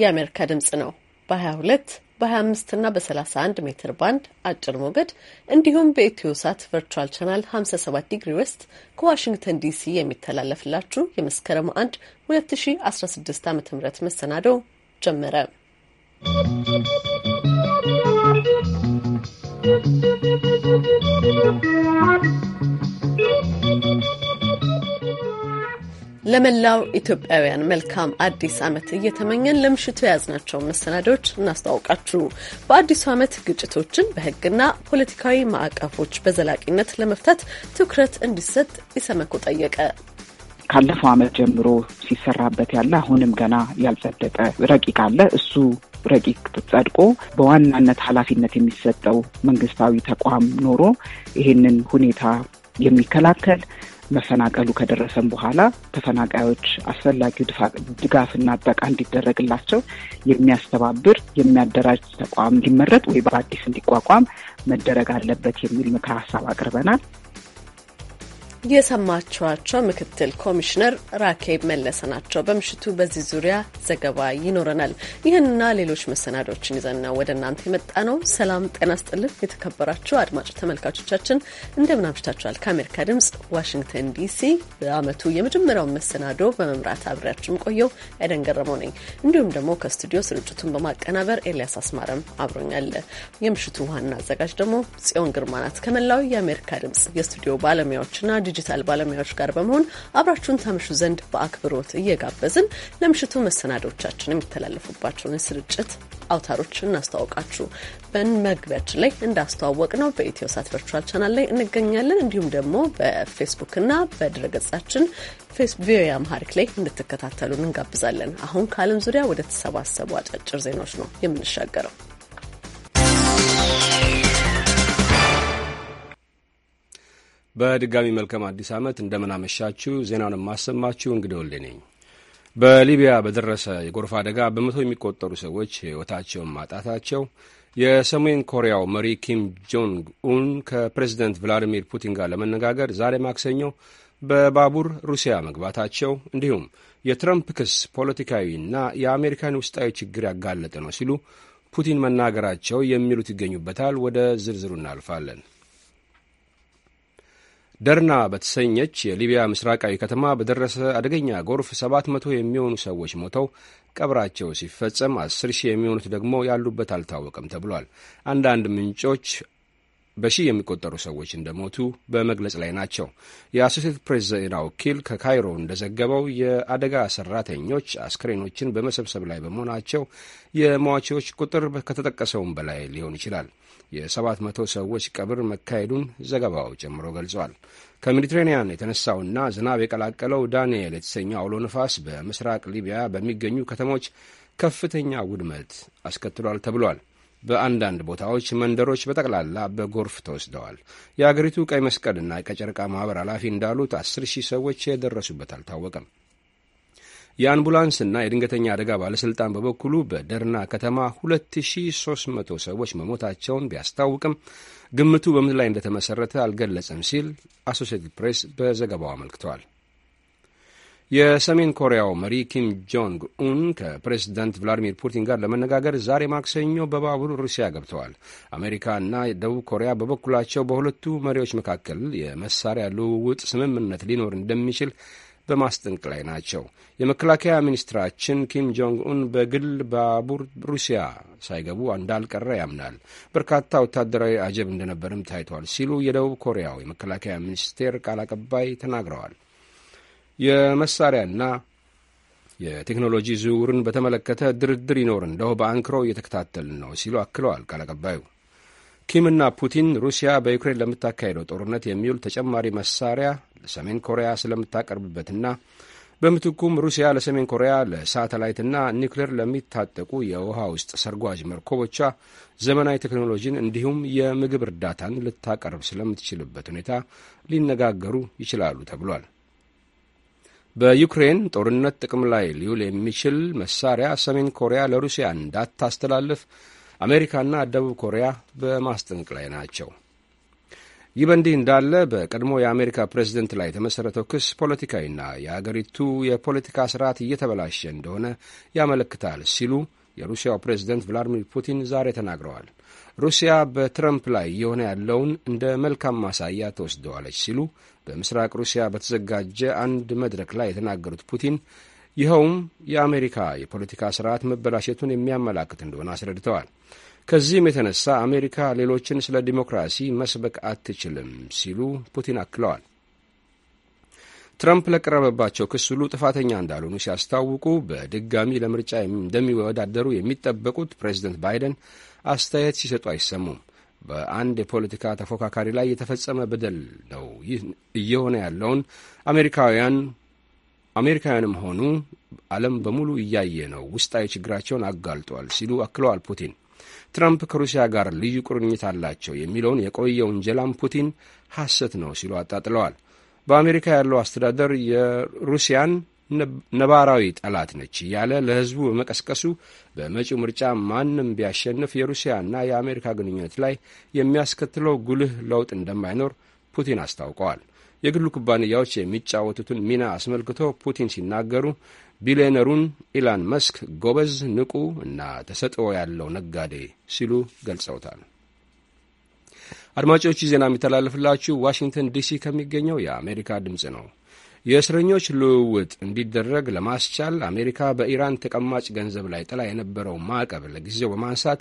የአሜሪካ ድምጽ ነው በ22 በ25 እና በ31 ሜትር ባንድ አጭር ሞገድ እንዲሁም በኢትዮ ሳት ቨርቹዋል ቻናል 57 ዲግሪ ዌስት ከዋሽንግተን ዲሲ የሚተላለፍላችሁ የመስከረም 1 2016 ዓ ም መሰናዶው ጀመረ። ¶¶ ለመላው ኢትዮጵያውያን መልካም አዲስ ዓመት እየተመኘን ለምሽቱ የያዝናቸውን መሰናዶች እናስተዋውቃችሁ። በአዲሱ ዓመት ግጭቶችን በሕግና ፖለቲካዊ ማዕቀፎች በዘላቂነት ለመፍታት ትኩረት እንዲሰጥ ኢሰመኮ ጠየቀ። ካለፈው ዓመት ጀምሮ ሲሰራበት ያለ አሁንም ገና ያልጸደቀ ረቂቅ አለ እሱ ረቂቅ ጸድቆ በዋናነት ኃላፊነት የሚሰጠው መንግስታዊ ተቋም ኖሮ ይህንን ሁኔታ የሚከላከል መፈናቀሉ ከደረሰም በኋላ ተፈናቃዮች አስፈላጊው ድጋፍና ጥበቃ እንዲደረግላቸው የሚያስተባብር የሚያደራጅ ተቋም እንዲመረጥ ወይ በአዲስ እንዲቋቋም መደረግ አለበት የሚል ምክር ሀሳብ አቅርበናል። የሰማችኋቸው ምክትል ኮሚሽነር ራኬብ መለሰ ናቸው። በምሽቱ በዚህ ዙሪያ ዘገባ ይኖረናል። ይህንና ሌሎች መሰናዶችን ይዘን ነው ወደ እናንተ የመጣ ነው። ሰላም ጤና ስጥልን። የተከበራችሁ አድማጭ ተመልካቾቻችን እንደምን አምሽታችኋል? ከአሜሪካ ድምጽ ዋሽንግተን ዲሲ በአመቱ የመጀመሪያውን መሰናዶ በመምራት አብሬያችን ቆየው ኤደን ገረመው ነኝ። እንዲሁም ደግሞ ከስቱዲዮ ስርጭቱን በማቀናበር ኤልያስ አስማረም አብሮኛል። የምሽቱ ዋና አዘጋጅ ደግሞ ጽዮን ግርማ ናት። ከመላው የአሜሪካ ድምጽ የስቱዲዮ ባለሙያዎችና ዲጂታል ባለሙያዎች ጋር በመሆን አብራችሁን ታምሹ ዘንድ በአክብሮት እየጋበዝን ለምሽቱ መሰናዶቻችን የሚተላለፉባቸውን የስርጭት አውታሮች እናስተዋውቃችሁ። በመግቢያችን ላይ እንዳስተዋወቅ ነው በኢትዮ ሳት ቨርቹዋል ቻናል ላይ እንገኛለን። እንዲሁም ደግሞ በፌስቡክና በድረገጻችን ቪኦኤ አምሃሪክ ላይ እንድትከታተሉን እንጋብዛለን። አሁን ከዓለም ዙሪያ ወደ ተሰባሰቡ አጫጭር ዜናዎች ነው የምንሻገረው። በድጋሚ መልካም አዲስ ዓመት እንደምናመሻችሁ። ዜናውን የማሰማችሁ እንግዲህ ወልዴ ነኝ። በሊቢያ በደረሰ የጎርፍ አደጋ በመቶ የሚቆጠሩ ሰዎች ሕይወታቸውን ማጣታቸው የሰሜን ኮሪያው መሪ ኪም ጆንግ ኡን ከፕሬዚደንት ቭላዲሚር ፑቲን ጋር ለመነጋገር ዛሬ ማክሰኞ በባቡር ሩሲያ መግባታቸው እንዲሁም የትረምፕ ክስ ፖለቲካዊና የአሜሪካን ውስጣዊ ችግር ያጋለጠ ነው ሲሉ ፑቲን መናገራቸው የሚሉት ይገኙበታል። ወደ ዝርዝሩ እናልፋለን። ደርና በተሰኘች የሊቢያ ምስራቃዊ ከተማ በደረሰ አደገኛ ጎርፍ 700 የሚሆኑ ሰዎች ሞተው ቀብራቸው ሲፈጸም 10 ሺህ የሚሆኑት ደግሞ ያሉበት አልታወቀም ተብሏል። አንዳንድ ምንጮች በሺህ የሚቆጠሩ ሰዎች እንደሞቱ በመግለጽ ላይ ናቸው። የአሶሴትድ ፕሬስ ዜና ወኪል ከካይሮ እንደዘገበው የአደጋ ሰራተኞች አስክሬኖችን በመሰብሰብ ላይ በመሆናቸው የሟቾች ቁጥር ከተጠቀሰውም በላይ ሊሆን ይችላል። የሰባት መቶ ሰዎች ቀብር መካሄዱን ዘገባው ጨምሮ ገልጿል። ከሜዲትሬንያን የተነሳውና ዝናብ የቀላቀለው ዳንኤል የተሰኘው አውሎ ነፋስ በምስራቅ ሊቢያ በሚገኙ ከተሞች ከፍተኛ ውድመት አስከትሏል ተብሏል። በአንዳንድ ቦታዎች መንደሮች በጠቅላላ በጎርፍ ተወስደዋል። የአገሪቱ ቀይ መስቀልና ቀይ ጨረቃ ማኅበር ኃላፊ እንዳሉት አስር ሺህ ሰዎች የደረሱበት አልታወቀም። የአምቡላንስና የድንገተኛ አደጋ ባለሥልጣን በበኩሉ በደርና ከተማ 2300 ሰዎች መሞታቸውን ቢያስታውቅም ግምቱ በምን ላይ እንደተመሠረተ አልገለጸም ሲል አሶሲኤትድ ፕሬስ በዘገባው አመልክተዋል። የሰሜን ኮሪያው መሪ ኪም ጆንግ ኡን ከፕሬዝዳንት ቭላዲሚር ፑቲን ጋር ለመነጋገር ዛሬ ማክሰኞ በባቡር ሩሲያ ገብተዋል። አሜሪካና ደቡብ ኮሪያ በበኩላቸው በሁለቱ መሪዎች መካከል የመሳሪያ ልውውጥ ስምምነት ሊኖር እንደሚችል በማስጠንቅ ላይ ናቸው። የመከላከያ ሚኒስትራችን ኪም ጆንግ ኡን በግል ባቡር ሩሲያ ሳይገቡ እንዳልቀረ ያምናል። በርካታ ወታደራዊ አጀብ እንደነበርም ታይቷል ሲሉ የደቡብ ኮሪያው የመከላከያ ሚኒስቴር ቃል አቀባይ ተናግረዋል። የመሳሪያና የቴክኖሎጂ ዝውውርን በተመለከተ ድርድር ይኖር እንደው በአንክሮ እየተከታተልን ነው ሲሉ አክለዋል ቃል አቀባዩ። ኪምና ፑቲን ሩሲያ በዩክሬን ለምታካሄደው ጦርነት የሚውል ተጨማሪ መሳሪያ ለሰሜን ኮሪያ ስለምታቀርብበትና በምትኩም ሩሲያ ለሰሜን ኮሪያ ለሳተላይትና ኒውክሌር ለሚታጠቁ የውሃ ውስጥ ሰርጓጅ መርከቦቿ ዘመናዊ ቴክኖሎጂን እንዲሁም የምግብ እርዳታን ልታቀርብ ስለምትችልበት ሁኔታ ሊነጋገሩ ይችላሉ ተብሏል። በዩክሬን ጦርነት ጥቅም ላይ ሊውል የሚችል መሳሪያ ሰሜን ኮሪያ ለሩሲያ እንዳታስተላልፍ አሜሪካና ደቡብ ኮሪያ በማስጠንቅ ላይ ናቸው። ይህ በእንዲህ እንዳለ በቀድሞ የአሜሪካ ፕሬዝደንት ላይ የተመሠረተው ክስ ፖለቲካዊና የአገሪቱ የፖለቲካ ስርዓት እየተበላሸ እንደሆነ ያመለክታል ሲሉ የሩሲያው ፕሬዝደንት ቭላዲሚር ፑቲን ዛሬ ተናግረዋል። ሩሲያ በትረምፕ ላይ እየሆነ ያለውን እንደ መልካም ማሳያ ተወስደዋለች ሲሉ በምስራቅ ሩሲያ በተዘጋጀ አንድ መድረክ ላይ የተናገሩት ፑቲን ይኸውም የአሜሪካ የፖለቲካ ስርዓት መበላሸቱን የሚያመላክት እንደሆነ አስረድተዋል። ከዚህም የተነሳ አሜሪካ ሌሎችን ስለ ዲሞክራሲ መስበክ አትችልም ሲሉ ፑቲን አክለዋል። ትራምፕ ለቀረበባቸው ክስ ሁሉ ጥፋተኛ እንዳልሆኑ ሲያስታውቁ በድጋሚ ለምርጫ እንደሚወዳደሩ የሚጠበቁት ፕሬዚደንት ባይደን አስተያየት ሲሰጡ አይሰሙም። በአንድ የፖለቲካ ተፎካካሪ ላይ የተፈጸመ በደል ነው ይህ እየሆነ ያለውን አሜሪካውያን አሜሪካውያንም ሆኑ ዓለም በሙሉ እያየ ነው። ውስጣዊ ችግራቸውን አጋልጧል ሲሉ አክለዋል ፑቲን ትራምፕ ከሩሲያ ጋር ልዩ ቁርኝት አላቸው የሚለውን የቆየ ውንጀላም ፑቲን ሐሰት ነው ሲሉ አጣጥለዋል። በአሜሪካ ያለው አስተዳደር የሩሲያን ነባራዊ ጠላት ነች እያለ ለሕዝቡ በመቀስቀሱ በመጪው ምርጫ ማንም ቢያሸንፍ የሩሲያና የአሜሪካ ግንኙነት ላይ የሚያስከትለው ጉልህ ለውጥ እንደማይኖር ፑቲን አስታውቀዋል። የግሉ ኩባንያዎች የሚጫወቱትን ሚና አስመልክቶ ፑቲን ሲናገሩ ቢሊዮነሩን ኢላን መስክ ጎበዝ፣ ንቁ እና ተሰጥኦ ያለው ነጋዴ ሲሉ ገልጸውታል። አድማጮች ዜና የሚተላለፍላችሁ ዋሽንግተን ዲሲ ከሚገኘው የአሜሪካ ድምፅ ነው። የእስረኞች ልውውጥ እንዲደረግ ለማስቻል አሜሪካ በኢራን ተቀማጭ ገንዘብ ላይ ጥላ የነበረው ማዕቀብ ለጊዜው በማንሳት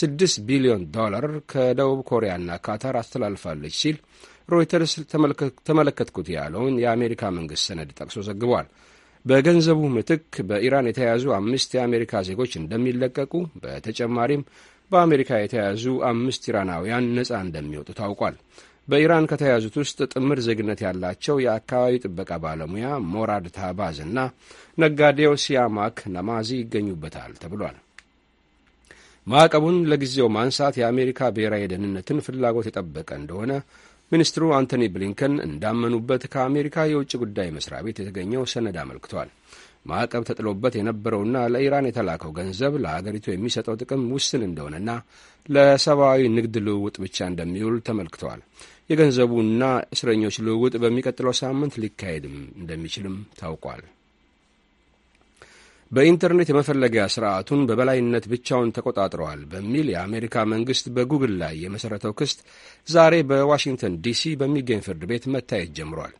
ስድስት ቢሊዮን ዶላር ከደቡብ ኮሪያና ካታር አስተላልፋለች ሲል ሮይተርስ ተመለከትኩት ያለውን የአሜሪካ መንግሥት ሰነድ ጠቅሶ ዘግቧል። በገንዘቡ ምትክ በኢራን የተያዙ አምስት የአሜሪካ ዜጎች እንደሚለቀቁ በተጨማሪም በአሜሪካ የተያዙ አምስት ኢራናውያን ነጻ እንደሚወጡ ታውቋል። በኢራን ከተያዙት ውስጥ ጥምር ዜግነት ያላቸው የአካባቢ ጥበቃ ባለሙያ ሞራድ ታባዝ እና ነጋዴው ሲያማክ ነማዚ ይገኙበታል ተብሏል። ማዕቀቡን ለጊዜው ማንሳት የአሜሪካ ብሔራዊ ደህንነትን ፍላጎት የጠበቀ እንደሆነ ሚኒስትሩ አንቶኒ ብሊንከን እንዳመኑበት ከአሜሪካ የውጭ ጉዳይ መስሪያ ቤት የተገኘው ሰነድ አመልክቷል። ማዕቀብ ተጥሎበት የነበረውና ለኢራን የተላከው ገንዘብ ለአገሪቱ የሚሰጠው ጥቅም ውስን እንደሆነና ለሰብአዊ ንግድ ልውውጥ ብቻ እንደሚውል ተመልክተዋል። የገንዘቡና እስረኞች ልውውጥ በሚቀጥለው ሳምንት ሊካሄድም እንደሚችልም ታውቋል። በኢንተርኔት የመፈለጊያ ስርዓቱን በበላይነት ብቻውን ተቆጣጥረዋል በሚል የአሜሪካ መንግሥት በጉግል ላይ የመሠረተው ክስ ዛሬ በዋሽንግተን ዲሲ በሚገኝ ፍርድ ቤት መታየት ጀምሯል።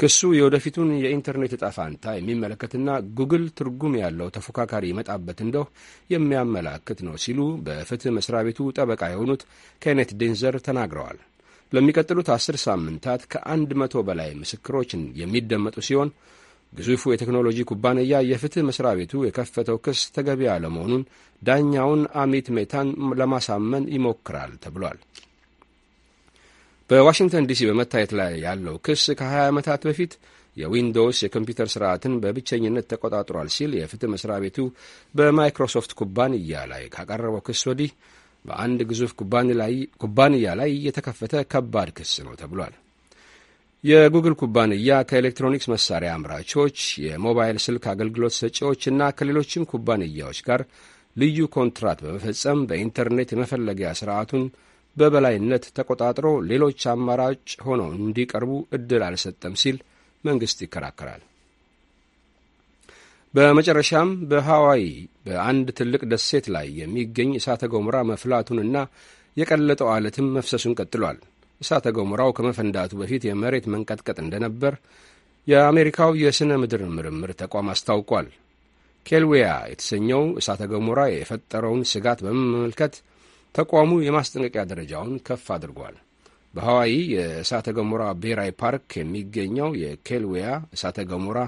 ክሱ የወደፊቱን የኢንተርኔት እጣ የሚመለከትና ጉግል ትርጉም ያለው ተፎካካሪ ይመጣበት እንደው የሚያመላክት ነው ሲሉ በፍትህ መስሪያ ቤቱ ጠበቃ የሆኑት ኬኔት ዴንዘር ተናግረዋል። ለሚቀጥሉት አስር ሳምንታት ከአንድ መቶ በላይ ምስክሮችን የሚደመጡ ሲሆን ግዙፉ የቴክኖሎጂ ኩባንያ የፍትህ መስሪያ ቤቱ የከፈተው ክስ ተገቢ ለመሆኑን ዳኛውን አሚት ሜታን ለማሳመን ይሞክራል ተብሏል። በዋሽንግተን ዲሲ በመታየት ላይ ያለው ክስ ከ20 ዓመታት በፊት የዊንዶውስ የኮምፒውተር ስርዓትን በብቸኝነት ተቆጣጥሯል ሲል የፍትህ መስሪያ ቤቱ በማይክሮሶፍት ኩባንያ ላይ ካቀረበው ክስ ወዲህ በአንድ ግዙፍ ኩባንያ ላይ የተከፈተ ከባድ ክስ ነው ተብሏል። የጉግል ኩባንያ ከኤሌክትሮኒክስ መሳሪያ አምራቾች፣ የሞባይል ስልክ አገልግሎት ሰጪዎች እና ከሌሎችም ኩባንያዎች ጋር ልዩ ኮንትራት በመፈጸም በኢንተርኔት የመፈለጊያ ስርዓቱን በበላይነት ተቆጣጥሮ ሌሎች አማራጭ ሆነው እንዲቀርቡ እድል አልሰጠም ሲል መንግስት ይከራከራል። በመጨረሻም በሐዋይ በአንድ ትልቅ ደሴት ላይ የሚገኝ እሳተ ገሞራ መፍላቱንና የቀለጠው አለትም መፍሰሱን ቀጥሏል። እሳተ ገሞራው ከመፈንዳቱ በፊት የመሬት መንቀጥቀጥ እንደነበር የአሜሪካው የሥነ ምድር ምርምር ተቋም አስታውቋል። ኬልዌያ የተሰኘው እሳተ ገሞራ የፈጠረውን ስጋት በመመልከት ተቋሙ የማስጠንቀቂያ ደረጃውን ከፍ አድርጓል። በሐዋይ የእሳተ ገሞራ ብሔራዊ ፓርክ የሚገኘው የኬልዌያ እሳተ ገሞራ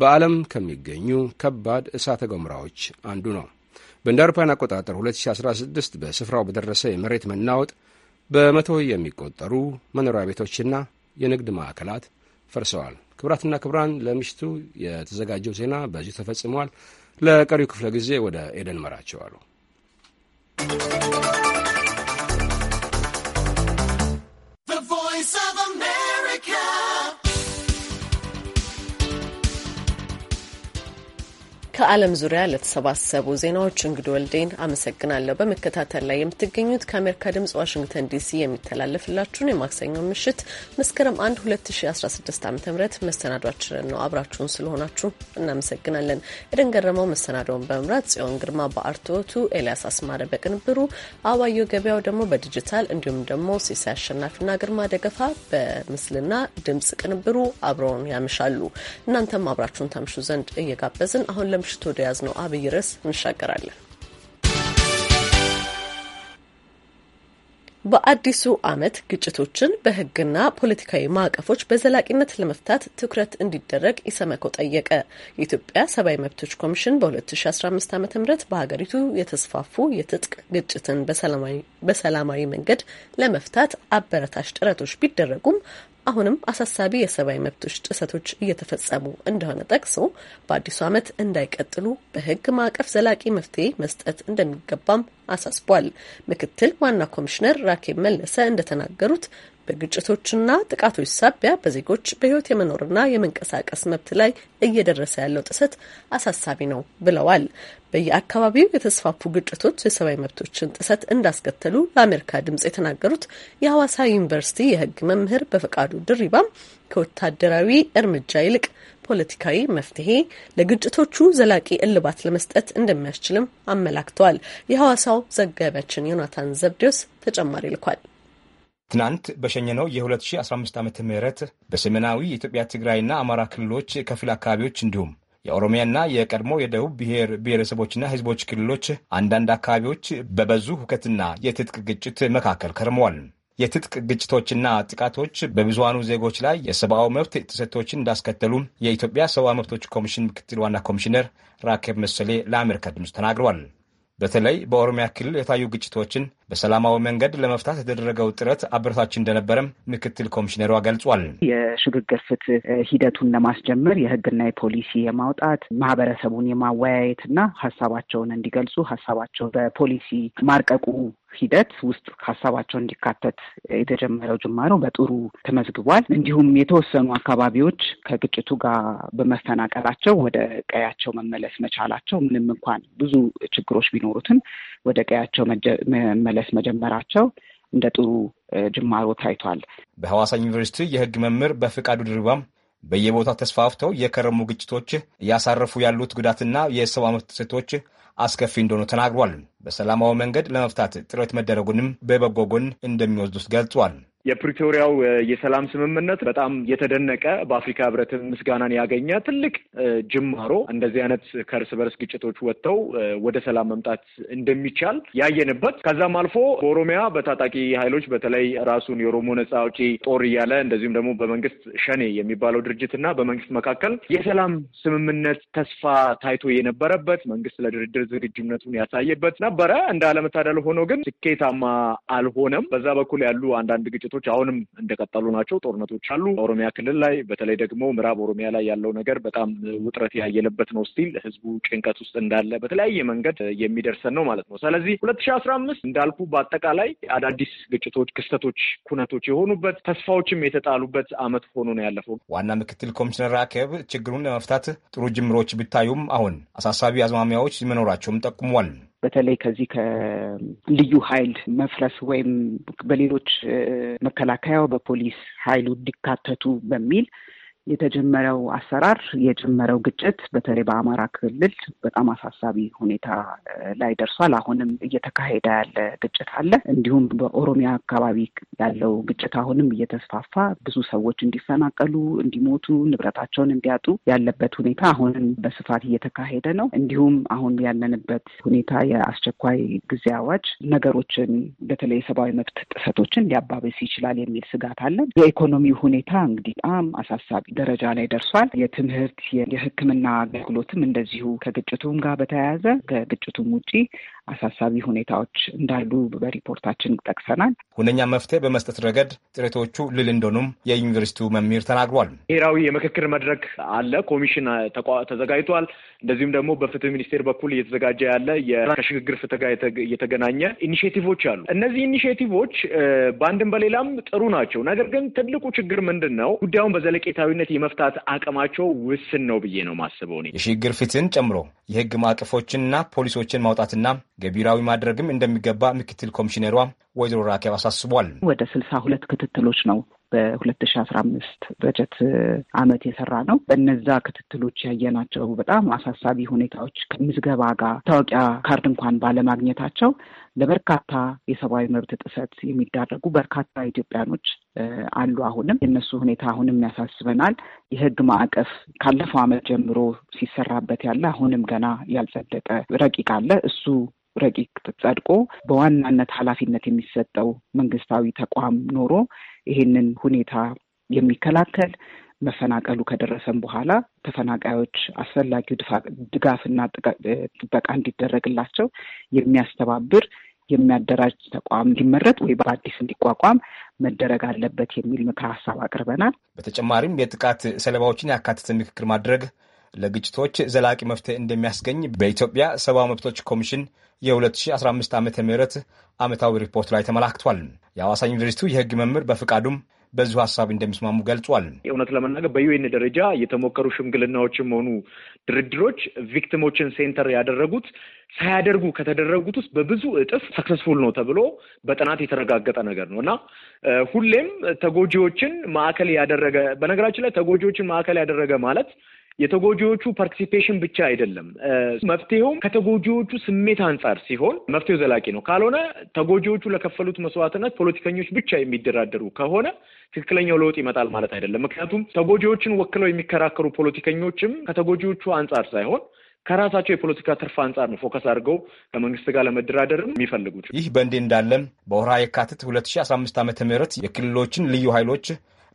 በዓለም ከሚገኙ ከባድ እሳተ ገሞራዎች አንዱ ነው። በእንደ አውሮፓውያን አቆጣጠር 2016 በስፍራው በደረሰ የመሬት መናወጥ በመቶ የሚቆጠሩ መኖሪያ ቤቶችና የንግድ ማዕከላት ፈርሰዋል። ክብራትና ክብራን ለምሽቱ የተዘጋጀው ዜና በዚሁ ተፈጽመዋል። ለቀሪው ክፍለ ጊዜ ወደ ኤደን መራቸዋሉ። ከዓለም ዙሪያ ለተሰባሰቡ ዜናዎች እንግዶ ወልዴን አመሰግናለሁ። በመከታተል ላይ የምትገኙት ከአሜሪካ ድምጽ ዋሽንግተን ዲሲ የሚተላለፍላችሁን የማክሰኞ ምሽት መስከረም 1 2016 ዓ ም መሰናዷችንን ነው። አብራችሁን ስለሆናችሁ እናመሰግናለን። ኤደን ገረመው መሰናዶውን በመምራት ጽዮን ግርማ በአርትዖቱ፣ ኤልያስ አስማረ በቅንብሩ፣ አባዮ ገበያው ደግሞ በዲጂታል እንዲሁም ደግሞ ሲሳይ አሸናፊና ግርማ ደገፋ በምስልና ድምጽ ቅንብሩ አብረውን ያምሻሉ። እናንተም አብራችሁን ታምሹ ዘንድ እየጋበዝን አሁን ለምሽ ለምሽቱ ወደ ያዝነው አብይ ርዕስ እንሻገራለን። በአዲሱ ዓመት ግጭቶችን በሕግና ፖለቲካዊ ማዕቀፎች በዘላቂነት ለመፍታት ትኩረት እንዲደረግ ኢሰመኮ ጠየቀ። የኢትዮጵያ ሰብአዊ መብቶች ኮሚሽን በ2015 ዓ ም በሀገሪቱ የተስፋፉ የትጥቅ ግጭትን በሰላማዊ መንገድ ለመፍታት አበረታሽ ጥረቶች ቢደረጉም አሁንም አሳሳቢ የሰብአዊ መብቶች ጥሰቶች እየተፈጸሙ እንደሆነ ጠቅሶ በአዲሱ ዓመት እንዳይቀጥሉ በህግ ማዕቀፍ ዘላቂ መፍትሄ መስጠት እንደሚገባም አሳስቧል። ምክትል ዋና ኮሚሽነር ራኬብ መለሰ እንደተናገሩት በግጭቶችና ጥቃቶች ሳቢያ በዜጎች በህይወት የመኖርና የመንቀሳቀስ መብት ላይ እየደረሰ ያለው ጥሰት አሳሳቢ ነው ብለዋል። በየአካባቢው የተስፋፉ ግጭቶች የሰብአዊ መብቶችን ጥሰት እንዳስከተሉ ለአሜሪካ ድምጽ የተናገሩት የሐዋሳ ዩኒቨርሲቲ የህግ መምህር በፈቃዱ ድሪባም ከወታደራዊ እርምጃ ይልቅ ፖለቲካዊ መፍትሄ ለግጭቶቹ ዘላቂ እልባት ለመስጠት እንደሚያስችልም አመላክተዋል። የሐዋሳው ዘጋቢያችን ዮናታን ዘብዴዎስ ተጨማሪ ልኳል። ትናንት በሸኘነው የ2015 ዓ ም በሰሜናዊ የኢትዮጵያ ትግራይና አማራ ክልሎች ከፊል አካባቢዎች እንዲሁም የኦሮሚያና የቀድሞ የደቡብ ብሔር ብሔረሰቦችና ህዝቦች ክልሎች አንዳንድ አካባቢዎች በበዙ ሁከትና የትጥቅ ግጭት መካከል ከርመዋል። የትጥቅ ግጭቶችና ጥቃቶች በብዙሃኑ ዜጎች ላይ የሰብአዊ መብት ጥሰቶችን እንዳስከተሉ የኢትዮጵያ ሰብአዊ መብቶች ኮሚሽን ምክትል ዋና ኮሚሽነር ራኬብ መሰሌ ለአሜሪካ ድምፅ ተናግረዋል። በተለይ በኦሮሚያ ክልል የታዩ ግጭቶችን በሰላማዊ መንገድ ለመፍታት የተደረገው ጥረት አበረታች እንደነበረም ምክትል ኮሚሽነሯ ገልጿል። የሽግግር ፍትህ ሂደቱን ለማስጀመር የህግና የፖሊሲ የማውጣት ማህበረሰቡን የማወያየትና ሀሳባቸውን እንዲገልጹ ሀሳባቸው በፖሊሲ ማርቀቁ ሂደት ውስጥ ሀሳባቸው እንዲካተት የተጀመረው ጅማሮ በጥሩ ተመዝግቧል። እንዲሁም የተወሰኑ አካባቢዎች ከግጭቱ ጋር በመፈናቀላቸው ወደ ቀያቸው መመለስ መቻላቸው ምንም እንኳን ብዙ ችግሮች ቢኖሩትም ወደ ቀያቸው መመለስ መጀመራቸው እንደ ጥሩ ጅማሮ ታይቷል። በሐዋሳ ዩኒቨርሲቲ የሕግ መምህር በፍቃዱ ድርባም በየቦታው ተስፋፍተው የከረሙ ግጭቶች እያሳረፉ ያሉት ጉዳትና የሰው አመት ጥሰቶች አስከፊ እንደሆኑ ተናግሯል። በሰላማዊ መንገድ ለመፍታት ጥረት መደረጉንም በበጎ ጎን እንደሚወስዱት ገልጿል። የፕሪቶሪያው የሰላም ስምምነት በጣም የተደነቀ በአፍሪካ ህብረት ምስጋናን ያገኘ ትልቅ ጅማሮ እንደዚህ አይነት ከእርስ በርስ ግጭቶች ወጥተው ወደ ሰላም መምጣት እንደሚቻል ያየንበት ከዛም አልፎ በኦሮሚያ በታጣቂ ኃይሎች በተለይ ራሱን የኦሮሞ ነጻ አውጪ ጦር እያለ እንደዚሁም ደግሞ በመንግስት ሸኔ የሚባለው ድርጅት እና በመንግስት መካከል የሰላም ስምምነት ተስፋ ታይቶ የነበረበት መንግስት ለድርድር ዝግጁነቱን ያሳየበት ነበረ። እንደ አለመታደል ሆኖ ግን ስኬታማ አልሆነም። በዛ በኩል ያሉ አንዳንድ ግጭ ግጭቶች አሁንም እንደቀጠሉ ናቸው። ጦርነቶች አሉ። ኦሮሚያ ክልል ላይ በተለይ ደግሞ ምዕራብ ኦሮሚያ ላይ ያለው ነገር በጣም ውጥረት ያየለበት ነው። ስቲል ህዝቡ ጭንቀት ውስጥ እንዳለ በተለያየ መንገድ የሚደርሰን ነው ማለት ነው። ስለዚህ ሁለት ሺ አስራ አምስት እንዳልኩ በአጠቃላይ አዳዲስ ግጭቶች፣ ክስተቶች፣ ኩነቶች የሆኑበት ተስፋዎችም የተጣሉበት አመት ሆኖ ነው ያለፈው። ዋና ምክትል ኮሚሽነር አከብ ችግሩን ለመፍታት ጥሩ ጅምሮች ቢታዩም አሁን አሳሳቢ አዝማሚያዎች መኖራቸውም ጠቁሟል። በተለይ ከዚህ ከልዩ ኃይል መፍረስ ወይም በሌሎች መከላከያው በፖሊስ ኃይሉ እንዲካተቱ በሚል የተጀመረው አሰራር የጀመረው ግጭት በተለይ በአማራ ክልል በጣም አሳሳቢ ሁኔታ ላይ ደርሷል። አሁንም እየተካሄደ ያለ ግጭት አለ። እንዲሁም በኦሮሚያ አካባቢ ያለው ግጭት አሁንም እየተስፋፋ ብዙ ሰዎች እንዲፈናቀሉ፣ እንዲሞቱ፣ ንብረታቸውን እንዲያጡ ያለበት ሁኔታ አሁንም በስፋት እየተካሄደ ነው። እንዲሁም አሁን ያለንበት ሁኔታ የአስቸኳይ ጊዜ አዋጅ ነገሮችን በተለይ የሰብአዊ መብት ጥሰቶችን ሊያባብስ ይችላል የሚል ስጋት አለን። የኢኮኖሚ ሁኔታ እንግዲህ በጣም አሳሳቢ ደረጃ ላይ ደርሷል። የትምህርት የሕክምና አገልግሎትም እንደዚሁ ከግጭቱም ጋር በተያያዘ ከግጭቱም ውጪ አሳሳቢ ሁኔታዎች እንዳሉ በሪፖርታችን ጠቅሰናል። ሁነኛ መፍትሄ በመስጠት ረገድ ጥረቶቹ ልል እንደሆኑም የዩኒቨርሲቲው መምህር ተናግሯል። ብሔራዊ የምክክር መድረክ አለ፣ ኮሚሽን ተዘጋጅቷል። እንደዚሁም ደግሞ በፍትህ ሚኒስቴር በኩል እየተዘጋጀ ያለ ከሽግግር ፍትህ ጋር የተገናኘ ኢኒሽቲቮች አሉ። እነዚህ ኢኒሽቲቮች በአንድም በሌላም ጥሩ ናቸው። ነገር ግን ትልቁ ችግር ምንድን ነው? ጉዳዩን በዘለቄታዊነት የመፍታት አቅማቸው ውስን ነው ብዬ ነው ማስበው። የሽግግር ፍትህን ጨምሮ የህግ ማዕቀፎችንና ፖሊሶችን ማውጣትና ገቢራዊ ማድረግም እንደሚገባ ምክትል ኮሚሽነሯ ወይዘሮ ራኬብ አሳስቧል። ወደ ስልሳ ሁለት ክትትሎች ነው በሁለት ሺ አስራ አምስት በጀት አመት የሰራ ነው። በነዛ ክትትሎች ያየናቸው በጣም አሳሳቢ ሁኔታዎች ከምዝገባ ጋር መታወቂያ ካርድ እንኳን ባለማግኘታቸው ለበርካታ የሰብአዊ መብት ጥሰት የሚዳረጉ በርካታ ኢትዮጵያኖች አሉ። አሁንም የእነሱ ሁኔታ አሁንም ያሳስበናል። የህግ ማዕቀፍ ካለፈው አመት ጀምሮ ሲሰራበት ያለ አሁንም ገና ያልጸደቀ ረቂቅ አለ። እሱ ረቂቅ ጸድቆ በዋናነት ኃላፊነት የሚሰጠው መንግስታዊ ተቋም ኖሮ ይሄንን ሁኔታ የሚከላከል መፈናቀሉ ከደረሰም በኋላ ተፈናቃዮች አስፈላጊው ድጋፍና ጥበቃ እንዲደረግላቸው የሚያስተባብር የሚያደራጅ ተቋም እንዲመረጥ ወይ በአዲስ እንዲቋቋም መደረግ አለበት የሚል ምክር ሀሳብ አቅርበናል። በተጨማሪም የጥቃት ሰለባዎችን ያካተተ ምክክር ማድረግ ለግጭቶች ዘላቂ መፍትሄ እንደሚያስገኝ በኢትዮጵያ ሰብአዊ መብቶች ኮሚሽን የ2015 ዓ ም ዓመታዊ ሪፖርት ላይ ተመላክቷል። የሐዋሳ ዩኒቨርሲቲው የህግ መምህር በፍቃዱም በዚሁ ሀሳብ እንደሚስማሙ ገልጿል። እውነት ለመናገር በዩኤን ደረጃ የተሞከሩ ሽምግልናዎችም ሆኑ ድርድሮች ቪክቲሞችን ሴንተር ያደረጉት ሳያደርጉ ከተደረጉት ውስጥ በብዙ እጥፍ ሰክሰስፉል ነው ተብሎ በጥናት የተረጋገጠ ነገር ነው እና ሁሌም ተጎጂዎችን ማዕከል ያደረገ በነገራችን ላይ ተጎጂዎችን ማዕከል ያደረገ ማለት የተጎጂዎቹ ፓርቲሲፔሽን ብቻ አይደለም። መፍትሄውም ከተጎጂዎቹ ስሜት አንጻር ሲሆን መፍትሄው ዘላቂ ነው። ካልሆነ ተጎጂዎቹ ለከፈሉት መስዋዕትነት ፖለቲከኞች ብቻ የሚደራደሩ ከሆነ ትክክለኛው ለውጥ ይመጣል ማለት አይደለም። ምክንያቱም ተጎጂዎችን ወክለው የሚከራከሩ ፖለቲከኞችም ከተጎጂዎቹ አንጻር ሳይሆን ከራሳቸው የፖለቲካ ትርፍ አንጻር ነው ፎከስ አድርገው ከመንግስት ጋር ለመደራደርም የሚፈልጉት። ይህ በእንዲህ እንዳለም በወርሃ የካቲት 2015 ዓ ም የክልሎችን ልዩ ኃይሎች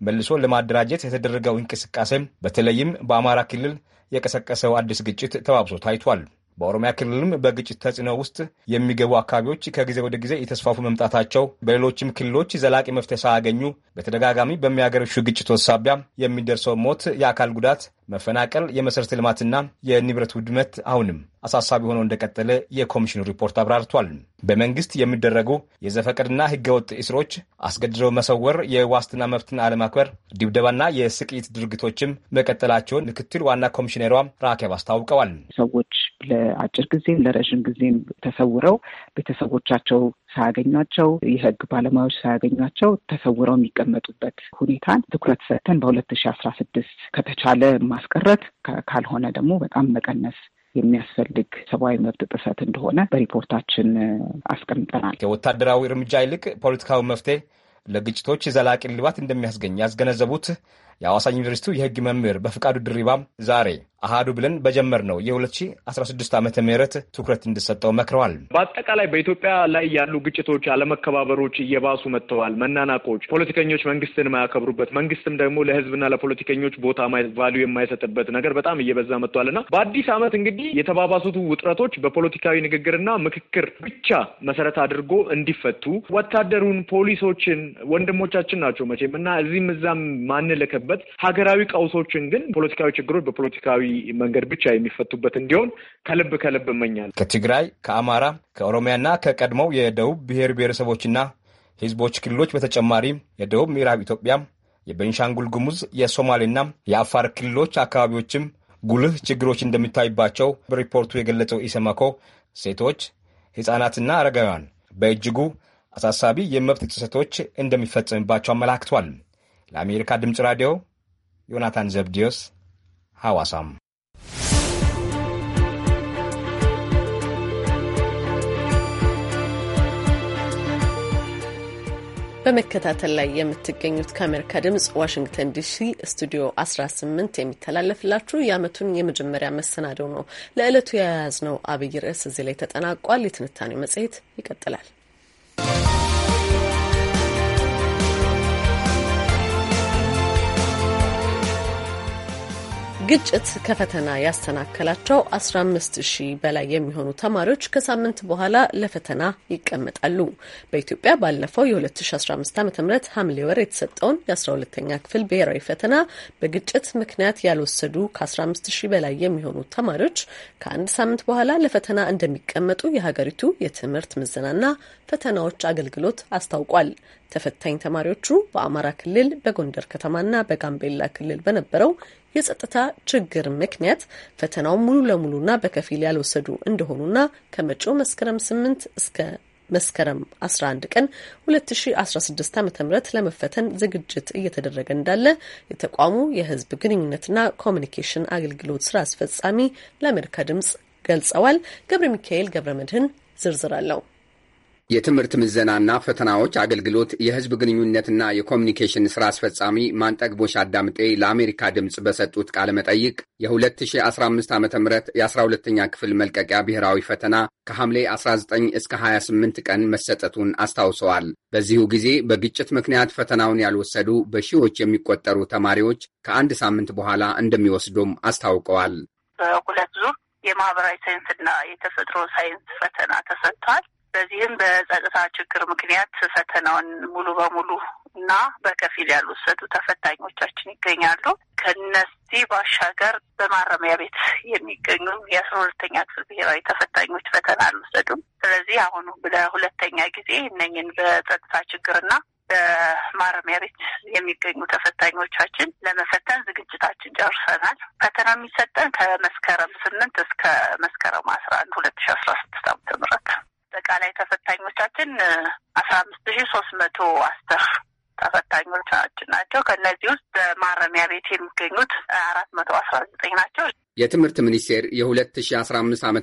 መልሶ ለማደራጀት የተደረገው እንቅስቃሴ በተለይም በአማራ ክልል የቀሰቀሰው አዲስ ግጭት ተባብሶ ታይቷል። በኦሮሚያ ክልልም በግጭት ተጽዕኖ ውስጥ የሚገቡ አካባቢዎች ከጊዜ ወደ ጊዜ የተስፋፉ መምጣታቸው በሌሎችም ክልሎች ዘላቂ መፍትሄ ሳያገኙ በተደጋጋሚ በሚያገረሹ ግጭቶች ሳቢያ የሚደርሰው ሞት፣ የአካል ጉዳት፣ መፈናቀል፣ የመሠረተ ልማትና የንብረት ውድመት አሁንም አሳሳቢ ሆኖ እንደቀጠለ የኮሚሽኑ ሪፖርት አብራርቷል። በመንግስት የሚደረጉ የዘፈቀድና ህገወጥ እስሮች፣ አስገድደው መሰወር፣ የዋስትና መብትን አለማክበር፣ ድብደባና የስቅይት ድርጊቶችም መቀጠላቸውን ምክትል ዋና ኮሚሽነሯ ራኬብ አስታውቀዋል። ሰዎች ለአጭር ጊዜም ለረዥም ጊዜም ተሰውረው ቤተሰቦቻቸው ሳያገኟቸው የህግ ባለሙያዎች ሳያገኟቸው ተሰውረው የሚቀመጡበት ሁኔታን ትኩረት ሰጥተን በሁለት ሺ አስራ ስድስት ከተቻለ ማስቀረት ካልሆነ ደግሞ በጣም መቀነስ የሚያስፈልግ ሰብአዊ መብት ጥሰት እንደሆነ በሪፖርታችን አስቀምጠናል። ከወታደራዊ እርምጃ ይልቅ ፖለቲካዊ መፍትሄ ለግጭቶች ዘላቂ ልባት እንደሚያስገኝ ያስገነዘቡት የአዋሳኝ ዩኒቨርሲቲ የህግ መምህር በፍቃዱ ድሪባ ዛሬ አሃዱ ብለን ነው የ2016 ዓ ም ትኩረት እንድሰጠው መክረዋል። በአጠቃላይ በኢትዮጵያ ላይ ያሉ ግጭቶች፣ አለመከባበሮች እየባሱ መጥተዋል። መናናቆች፣ ፖለቲከኞች መንግስትን የማያከብሩበት መንግስትም ደግሞ ለህዝብና ለፖለቲከኞች ቦታ ቫሉ የማይሰጥበት ነገር በጣም እየበዛ መጥተዋል እና በአዲስ ዓመት እንግዲህ የተባባሱት ውጥረቶች በፖለቲካዊ ንግግርና ምክክር ብቻ መሰረት አድርጎ እንዲፈቱ ወታደሩን፣ ፖሊሶችን ወንድሞቻችን ናቸው መቼም እና እዚህም እዛም ማንልከ የሚጠበቅበት ሀገራዊ ቀውሶችን ግን ፖለቲካዊ ችግሮች በፖለቲካዊ መንገድ ብቻ የሚፈቱበት እንዲሆን ከልብ ከልብ እመኛለሁ። ከትግራይ፣ ከአማራ፣ ከኦሮሚያና ከቀድሞው የደቡብ ብሔር ብሔረሰቦችና ህዝቦች ክልሎች በተጨማሪ የደቡብ ምዕራብ ኢትዮጵያ፣ የቤንሻንጉል ጉሙዝ፣ የሶማሌና የአፋር ክልሎች አካባቢዎችም ጉልህ ችግሮች እንደሚታይባቸው በሪፖርቱ የገለጸው ኢሰመኮ ሴቶች፣ ህጻናትና አረጋውያን በእጅጉ አሳሳቢ የመብት ጥሰቶች እንደሚፈጸምባቸው አመላክቷል። ለአሜሪካ ድምፅ ራዲዮ ዮናታን ዘብዲዮስ ሐዋሳም በመከታተል ላይ የምትገኙት ከአሜሪካ ድምጽ ዋሽንግተን ዲሲ ስቱዲዮ 18 የሚተላለፍላችሁ የአመቱን የመጀመሪያ መሰናደው ነው። ለዕለቱ የያዝነው አብይ ርዕስ እዚህ ላይ ተጠናቋል። የትንታኔው መጽሔት ይቀጥላል። ግጭት ከፈተና ያሰናከላቸው 15 ሺህ በላይ የሚሆኑ ተማሪዎች ከሳምንት በኋላ ለፈተና ይቀመጣሉ። በኢትዮጵያ ባለፈው የ2015 ዓ.ም ሐምሌ ወር የተሰጠውን የ12ተኛ ክፍል ብሔራዊ ፈተና በግጭት ምክንያት ያልወሰዱ ከ15 ሺህ በላይ የሚሆኑ ተማሪዎች ከአንድ ሳምንት በኋላ ለፈተና እንደሚቀመጡ የሀገሪቱ የትምህርት ምዘናና ፈተናዎች አገልግሎት አስታውቋል። ተፈታኝ ተማሪዎቹ በአማራ ክልል በጎንደር ከተማና በጋምቤላ ክልል በነበረው የጸጥታ ችግር ምክንያት ፈተናውን ሙሉ ለሙሉና በከፊል ያልወሰዱ እንደሆኑና ከመጪው መስከረም ስምንት እስከ መስከረም 11 ቀን 2016 ዓ ም ለመፈተን ዝግጅት እየተደረገ እንዳለ የተቋሙ የህዝብ ግንኙነትና ኮሚኒኬሽን አገልግሎት ስራ አስፈጻሚ ለአሜሪካ ድምጽ ገልጸዋል። ገብረ ሚካኤል ገብረ መድህን ዝርዝር አለው። የትምህርት ምዘናና ፈተናዎች አገልግሎት የህዝብ ግንኙነትና የኮሚኒኬሽን ሥራ አስፈጻሚ ማንጠግቦሽ አዳምጤ ለአሜሪካ ድምፅ በሰጡት ቃለ መጠይቅ የ2015 ዓ ም የ12ኛ ክፍል መልቀቂያ ብሔራዊ ፈተና ከሐምሌ 19 እስከ 28 ቀን መሰጠቱን አስታውሰዋል። በዚሁ ጊዜ በግጭት ምክንያት ፈተናውን ያልወሰዱ በሺዎች የሚቆጠሩ ተማሪዎች ከአንድ ሳምንት በኋላ እንደሚወስዱም አስታውቀዋል። በሁለት ዙር የማህበራዊ ሳይንስና የተፈጥሮ ሳይንስ ፈተና ተሰጥቷል። በዚህም በጸጥታ ችግር ምክንያት ፈተናውን ሙሉ በሙሉ እና በከፊል ያልወሰዱ ተፈታኞቻችን ይገኛሉ። ከነዚህ ባሻገር በማረሚያ ቤት የሚገኙ የአስራ ሁለተኛ ክፍል ብሔራዊ ተፈታኞች ፈተና አልወሰዱም። ስለዚህ አሁኑ ለሁለተኛ ጊዜ እነኝን በጸጥታ ችግርና በማረሚያ ቤት የሚገኙ ተፈታኞቻችን ለመፈተን ዝግጅታችን ጨርሰናል። ፈተና የሚሰጠን ከመስከረም ስምንት እስከ መስከረም አስራ አንድ ሁለት ሺ አስራ ስድስት ዓመተ ምህረት አጠቃላይ ተፈታኞቻችን አስራ አምስት ሺ ሶስት መቶ አስር ተፈታኞቻችን ናቸው። ከእነዚህ ውስጥ በማረሚያ ቤት የሚገኙት አራት መቶ አስራ ዘጠኝ ናቸው። የትምህርት ሚኒስቴር የ2015 ዓ ም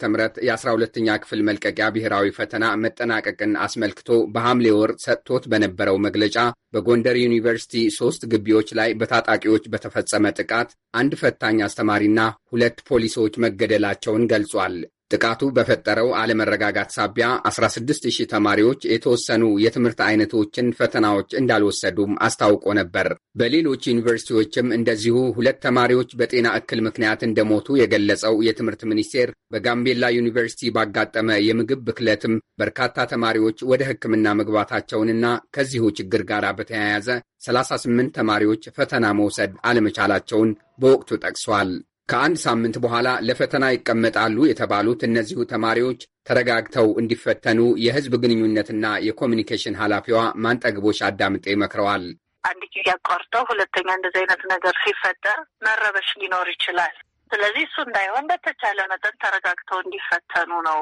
የ12ኛ ክፍል መልቀቂያ ብሔራዊ ፈተና መጠናቀቅን አስመልክቶ በሐምሌ ወር ሰጥቶት በነበረው መግለጫ በጎንደር ዩኒቨርሲቲ ሦስት ግቢዎች ላይ በታጣቂዎች በተፈጸመ ጥቃት አንድ ፈታኝ አስተማሪና ሁለት ፖሊሶች መገደላቸውን ገልጿል። ጥቃቱ በፈጠረው አለመረጋጋት ሳቢያ 16000 ተማሪዎች የተወሰኑ የትምህርት አይነቶችን ፈተናዎች እንዳልወሰዱም አስታውቆ ነበር። በሌሎች ዩኒቨርሲቲዎችም እንደዚሁ ሁለት ተማሪዎች በጤና እክል ምክንያት እንደሞቱ የገለጸው የትምህርት ሚኒስቴር በጋምቤላ ዩኒቨርሲቲ ባጋጠመ የምግብ ብክለትም በርካታ ተማሪዎች ወደ ሕክምና መግባታቸውንና ከዚሁ ችግር ጋር በተያያዘ 38 ተማሪዎች ፈተና መውሰድ አለመቻላቸውን በወቅቱ ጠቅሷል። ከአንድ ሳምንት በኋላ ለፈተና ይቀመጣሉ የተባሉት እነዚሁ ተማሪዎች ተረጋግተው እንዲፈተኑ የህዝብ ግንኙነትና የኮሚኒኬሽን ኃላፊዋ ማንጠግቦች አዳምጤ መክረዋል። አንድ ጊዜ አቋርጠው ሁለተኛ እንደዚህ አይነት ነገር ሲፈጠር መረበሽ ሊኖር ይችላል። ስለዚህ እሱ እንዳይሆን በተቻለ መጠን ተረጋግተው እንዲፈተኑ ነው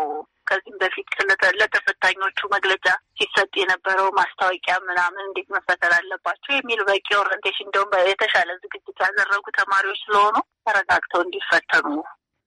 ከዚህም በፊት ለተፈታኞቹ መግለጫ ሲሰጥ የነበረው ማስታወቂያ ምናምን እንዴት መፈተን አለባቸው የሚል በቂ ኦሪንቴሽን እንዲሁም የተሻለ ዝግጅት ያደረጉ ተማሪዎች ስለሆኑ ተረጋግተው እንዲፈተኑ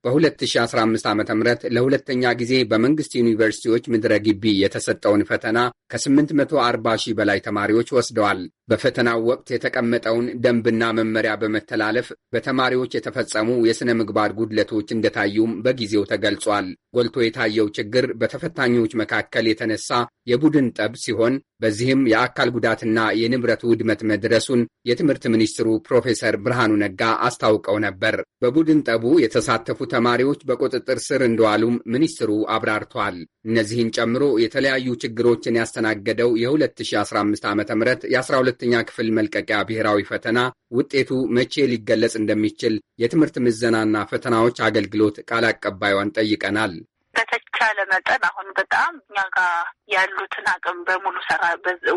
በ2015 ዓ ም ለሁለተኛ ጊዜ በመንግስት ዩኒቨርሲቲዎች ምድረ ግቢ የተሰጠውን ፈተና ከ840 ሺህ በላይ ተማሪዎች ወስደዋል። በፈተናው ወቅት የተቀመጠውን ደንብና መመሪያ በመተላለፍ በተማሪዎች የተፈጸሙ የሥነ ምግባር ጉድለቶች እንደታዩም በጊዜው ተገልጿል። ጎልቶ የታየው ችግር በተፈታኞች መካከል የተነሳ የቡድን ጠብ ሲሆን በዚህም የአካል ጉዳትና የንብረት ውድመት መድረሱን የትምህርት ሚኒስትሩ ፕሮፌሰር ብርሃኑ ነጋ አስታውቀው ነበር። በቡድን ጠቡ የተሳተፉ ተማሪዎች በቁጥጥር ስር እንደዋሉም ሚኒስትሩ አብራርቷል። እነዚህን ጨምሮ የተለያዩ ችግሮችን ያስተናገደው የ2015 ዓ ም የ12 የሁለተኛ ክፍል መልቀቂያ ብሔራዊ ፈተና ውጤቱ መቼ ሊገለጽ እንደሚችል የትምህርት ምዘናና ፈተናዎች አገልግሎት ቃል አቀባይዋን ጠይቀናል። በተቻለ መጠን አሁን በጣም እኛ ጋር ያሉትን አቅም በሙሉ ሰራ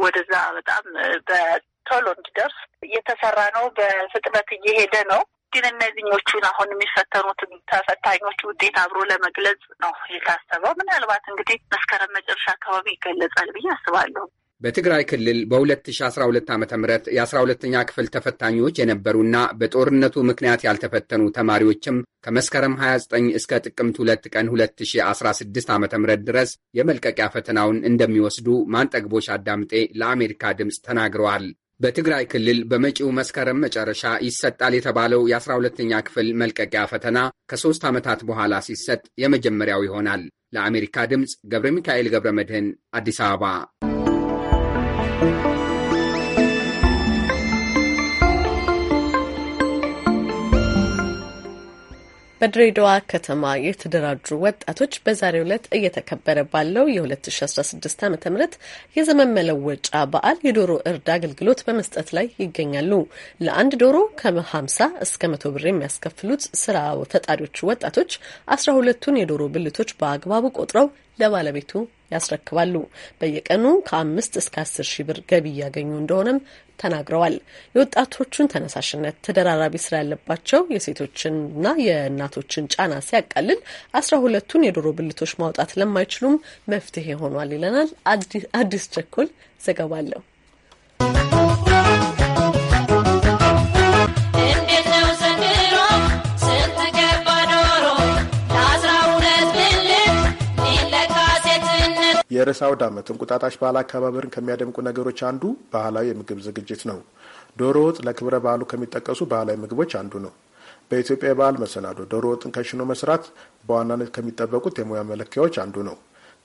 ወደዛ በጣም በቶሎ እንዲደርስ እየተሰራ ነው። በፍጥነት እየሄደ ነው። ግን እነዚህኞቹን አሁን የሚፈተኑት ተፈታኞች ውጤት አብሮ ለመግለጽ ነው የታሰበው። ምናልባት እንግዲህ መስከረም መጨረሻ አካባቢ ይገለጻል ብዬ አስባለሁ። በትግራይ ክልል በ2012 ዓ ም የ12ኛ ክፍል ተፈታኞች የነበሩና በጦርነቱ ምክንያት ያልተፈተኑ ተማሪዎችም ከመስከረም 29 እስከ ጥቅምት 2 ቀን 2016 ዓ ም ድረስ የመልቀቂያ ፈተናውን እንደሚወስዱ ማንጠግቦሽ አዳምጤ ለአሜሪካ ድምፅ ተናግረዋል። በትግራይ ክልል በመጪው መስከረም መጨረሻ ይሰጣል የተባለው የ12ኛ ክፍል መልቀቂያ ፈተና ከሦስት ዓመታት በኋላ ሲሰጥ የመጀመሪያው ይሆናል። ለአሜሪካ ድምፅ ገብረ ሚካኤል ገብረ መድህን አዲስ አበባ በድሬዳዋ ከተማ የተደራጁ ወጣቶች በዛሬው ዕለት እየተከበረ ባለው የ2016 ዓ ም የዘመን መለወጫ በዓል የዶሮ እርድ አገልግሎት በመስጠት ላይ ይገኛሉ። ለአንድ ዶሮ ከ50 እስከ 100 ብር የሚያስከፍሉት ስራ ፈጣሪዎቹ ወጣቶች 12ቱን የዶሮ ብልቶች በአግባቡ ቆጥረው ለባለቤቱ ያስረክባሉ። በየቀኑ ከአምስት እስከ አስር ሺህ ብር ገቢ እያገኙ እንደሆነም ተናግረዋል። የወጣቶቹን ተነሳሽነት ተደራራቢ ስራ ያለባቸው የሴቶችንና የእናቶችን ጫና ሲያቃልል አስራ ሁለቱን የዶሮ ብልቶች ማውጣት ለማይችሉም መፍትሄ ሆኗል ይለናል አዲስ ቸኮል ዘገባ አለው። የርዕሰ አውደ ዓመት እንቁጣጣሽ በዓል አከባበርን ከሚያደምቁ ነገሮች አንዱ ባህላዊ የምግብ ዝግጅት ነው። ዶሮ ወጥ ለክብረ በዓሉ ከሚጠቀሱ ባህላዊ ምግቦች አንዱ ነው። በኢትዮጵያ የበዓል መሰናዶ ዶሮ ወጥን ከሽኖ መስራት በዋናነት ከሚጠበቁት የሙያ መለኪያዎች አንዱ ነው።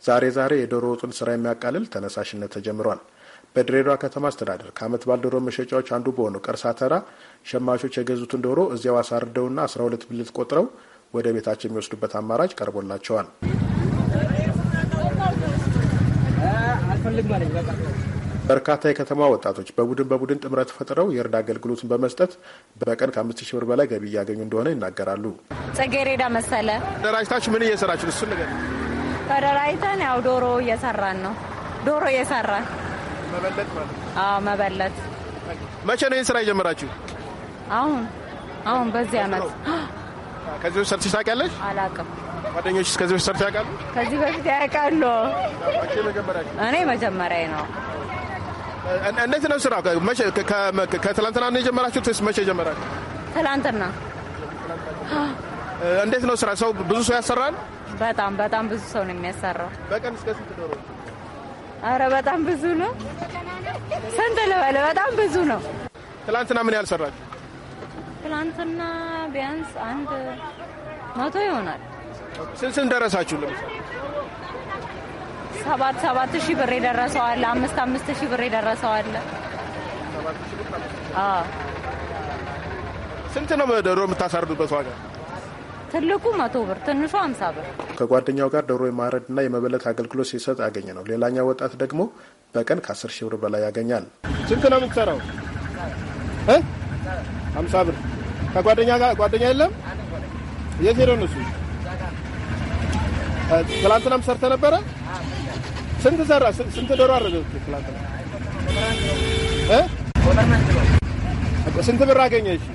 ዛሬ ዛሬ የዶሮ ወጡን ስራ የሚያቃልል ተነሳሽነት ተጀምሯል። በድሬዳዋ ከተማ አስተዳደር ከዓመት በዓል ዶሮ መሸጫዎች አንዱ በሆነው ቀርሳ ተራ ሸማቾች የገዙትን ዶሮ እዚያው አሳርደውና 12 ብልት ቆጥረው ወደ ቤታቸው የሚወስዱበት አማራጭ ቀርቦላቸዋል። በርካታ የከተማ ወጣቶች በቡድን በቡድን ጥምረት ፈጥረው የእርዳ አገልግሎትን በመስጠት በቀን ከአምስት ሺህ ብር በላይ ገቢ እያገኙ እንደሆነ ይናገራሉ። ጽጌሬዳ መሰለ ደራጅታችሁ ምን እየሰራችሁ? እሱ ነገር ተደራጅተን ያው ዶሮ እየሰራን ነው። ዶሮ እየሰራን መበለት ማለት መበለት። መቼ ነው ይህን ስራ የጀመራችሁ? አሁን አሁን በዚህ አመት ከዚህ በፊት ሰርተሽ ታውቂያለሽ? አላውቅም። ጓደኞችሽ ከዚህ በፊት ሰርተሽ ያውቃሉ? ከዚህ በፊት ያውቃሉ። እኔ መጀመሪያ ነው። እንዴት ነው ስራ? ከትላንትና ነው የጀመራችሁት ወይስ መቼ ጀመራችሁ? ትላንትና። እንዴት ነው ስራ? ሰው ብዙ ሰው ያሰራል? በጣም በጣም ብዙ ሰው ነው የሚያሰራው። በቀን እስከ ስንት ዶሮ? አረ በጣም ብዙ ነው። ስንት ልበል? በጣም ብዙ ነው። ትላንትና ምን ያህል ሰራችሁ? ትላንትና ቢያንስ አንድ መቶ ይሆናል። ስንት ደረሳችሁ? ሰባት ሰባት ሺህ ብር የደረሰዋል። አምስት አምስት ሺህ ብር የደረሰዋል። ስንት ነው ዶሮ የምታሳርዱበት ዋጋ? ትልቁ መቶ ብር ትንሹ አምሳ ብር። ከጓደኛው ጋር ዶሮ የማረድና የመበለት አገልግሎት ሲሰጥ ያገኘ ነው። ሌላኛው ወጣት ደግሞ በቀን ከአስር ሺህ ብር በላይ ያገኛል። ስንት ነው የምትሰራው? ሀምሳ ብር ከጓደኛ ጋር ጓደኛ የለም። የት ሄደው እነሱ? ትላንትናም ሰርተ ነበረ። ስንት ዘራ? ስንት ዶሮ አረደ? ትላንትና ስንት ብር አገኘ? እሺ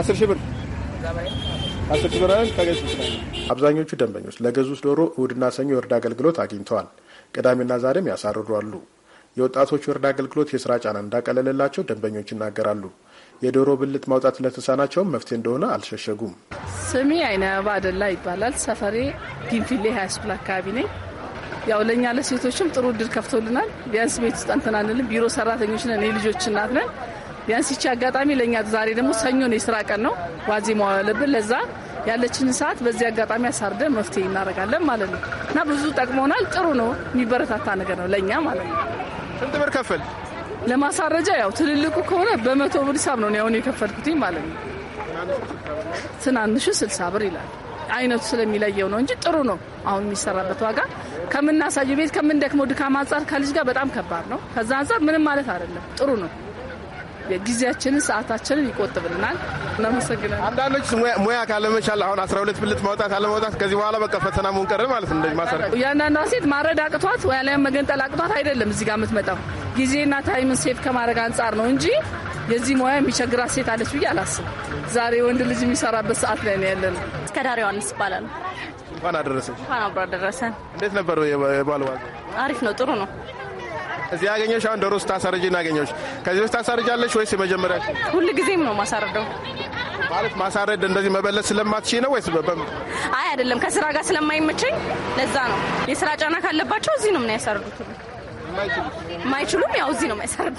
አስር ሺህ ብር አስር ሺህ ብር አብዛኞቹ ደንበኞች ለገዙት ዶሮ እሁድና ሰኞ የወርድ አገልግሎት አግኝተዋል። ቅዳሜና ዛሬም ያሳርዷሉ። የወጣቶቹ እርዳ አገልግሎት የስራ ጫና እንዳቀለለላቸው ደንበኞች ይናገራሉ። የዶሮ ብልት ማውጣት ለተሳናቸውም መፍትሄ እንደሆነ አልሸሸጉም። ስሜ አይነ አደላ ይባላል። ሰፈሬ ጊንፊሌ ሀያስኩል አካባቢ ነኝ። ያው ለእኛ ለሴቶችም ጥሩ እድል ከፍቶልናል። ቢያንስ ቤት ውስጥ እንትን አንልም። ቢሮ ሰራተኞች ነን። የልጆች እናት ነን። ቢያንስ ይቺ አጋጣሚ ለእኛ ዛሬ ደግሞ ሰኞ ነው፣ የስራ ቀን ነው። ዋዜማ ዋለብን። ለዛ ያለችን ሰዓት በዚህ አጋጣሚ አሳርደን መፍትሄ እናደርጋለን ማለት ነው እና ብዙ ጠቅሞናል። ጥሩ ነው፣ የሚበረታታ ነገር ነው ለእኛ ማለት ነው። ስንት ብር ከፈል? ለማሳረጃ ያው ትልልቁ ከሆነ በመቶ ብር ሂሳብ ነው ያሁን የከፈልኩት ማለት ነው። ትናንሹ ስልሳ ብር ይላል። አይነቱ ስለሚለየው ነው እንጂ ጥሩ ነው። አሁን የሚሰራበት ዋጋ ከምናሳየው ቤት ከምንደክመው ድካም አንጻር ከልጅ ጋር በጣም ከባድ ነው። ከዛ አንጻር ምንም ማለት አይደለም፣ ጥሩ ነው። ጊዜያችንን ሰዓታችንን ይቆጥብልናል። እናመሰግናል። አንዳንዶች ሙያ ካለመቻል አሁን አስራ ሁለት ብልት ማውጣት አለማውጣት ከዚህ በኋላ በቃ ፈተና ሙንቀር ማለት ነው። እንደዚህ እያንዳንዷ ሴት ማረድ አቅቷት ወይ ላይ መገንጠል አቅቷት አይደለም እዚህ ጋር የምትመጣው ጊዜና ታይምን ሴፍ ከማድረግ አንጻር ነው እንጂ የዚህ ሙያ የሚቸግራት ሴት አለች ብዬ አላስብ። ዛሬ ወንድ ልጅ የሚሰራበት ሰዓት ላይ ነው ያለ ነው። እስከ ዳሬ ዋንስ ይባላል። እንኳን አደረሰን። እንኳን አብሮ አደረሰን። እንዴት ነበር የባል አሪፍ ነው፣ ጥሩ ነው። እዚህ ያገኘሽ አሁን ዶሮ ስታሳርጅ እናገኘሽ ከዚህ በፊት ታሳርጃለሽ ወይስ የመጀመሪያ? ሁሉ ጊዜም ነው ማሳረደው። ማለት ማሳረድ እንደዚህ መበለት ስለማትች ነው ወይስ? አይ አይደለም፣ ከስራ ጋር ስለማይመቸኝ ለዛ ነው። የስራ ጫና ካለባቸው እዚህ ነው ያሳርዱት። ማይችሉም ያው እዚህ ነው የሚያሳርዱ።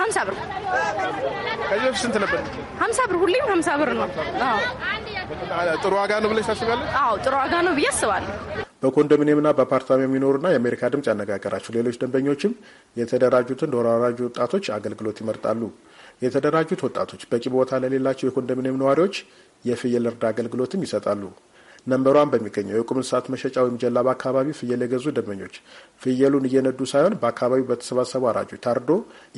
ሀምሳ ብር ከዚህ በፊት ስንት ነበር? ሀምሳ ብር ሁሌም ሀምሳ ብር ነው። ጥሩ ዋጋ ነው ብለሽ ታስባለሽ? አዎ ጥሩ ዋጋ ነው ብዬ አስባለሁ። በኮንዶሚኒየምና በአፓርታማ የሚኖሩና የአሜሪካ ድምጽ ያነጋገራቸው ሌሎች ደንበኞችም የተደራጁትን ተወራራጅ ወጣቶች አገልግሎት ይመርጣሉ። የተደራጁት ወጣቶች በቂ ቦታ ለሌላቸው የኮንዶሚኒየም ነዋሪዎች የፍየል እርዳ አገልግሎትም ይሰጣሉ። ነንበሯን በሚገኘው የቁም እንስሳት መሸጫ ወይም ጀላባ አካባቢ ፍየል የገዙ ደንበኞች ፍየሉን እየነዱ ሳይሆን በአካባቢው በተሰባሰቡ አራጆች ታርዶ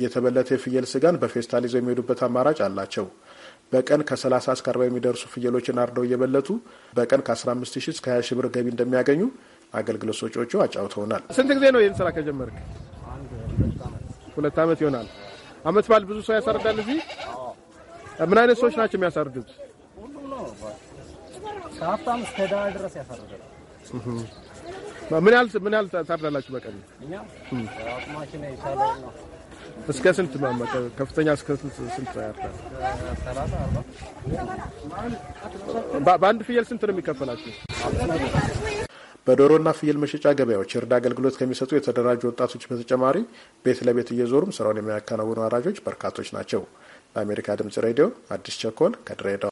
የተበለተ የፍየል ስጋን በፌስታል ይዘው የሚሄዱበት አማራጭ አላቸው። በቀን ከ30 እስከ 40 የሚደርሱ ፍየሎችን አርደው እየበለቱ በቀን ከ15 ሺህ እስከ 20 ሺህ ብር ገቢ እንደሚያገኙ አገልግሎት ሰጪዎቹ አጫውተውናል። ስንት ጊዜ ነው ይህን ስራ ከጀመርክ? ሁለት ዓመት ይሆናል። አመት በዓል ብዙ ሰው ያሳርዳል። እዚህ ምን አይነት ሰዎች ናቸው የሚያሳርዱት? ሀብታም እስከ ድረስ ያሳርዳል። ምን ያህል ታርዳላችሁ በቀን? እስከ ስንት ማመቀ ከፍተኛ እስከ ስንት ያርዳል? በአንድ ፍየል ስንት ነው የሚከፈላቸው? በዶሮና ፍየል መሸጫ ገበያዎች የእርዳ አገልግሎት ከሚሰጡ የተደራጁ ወጣቶች በተጨማሪ ቤት ለቤት እየዞሩም ስራውን የሚያከናውኑ አራጆች በርካቶች ናቸው። ለአሜሪካ ድምጽ ሬዲዮ አዲስ ቸኮል ከድሬዳዋ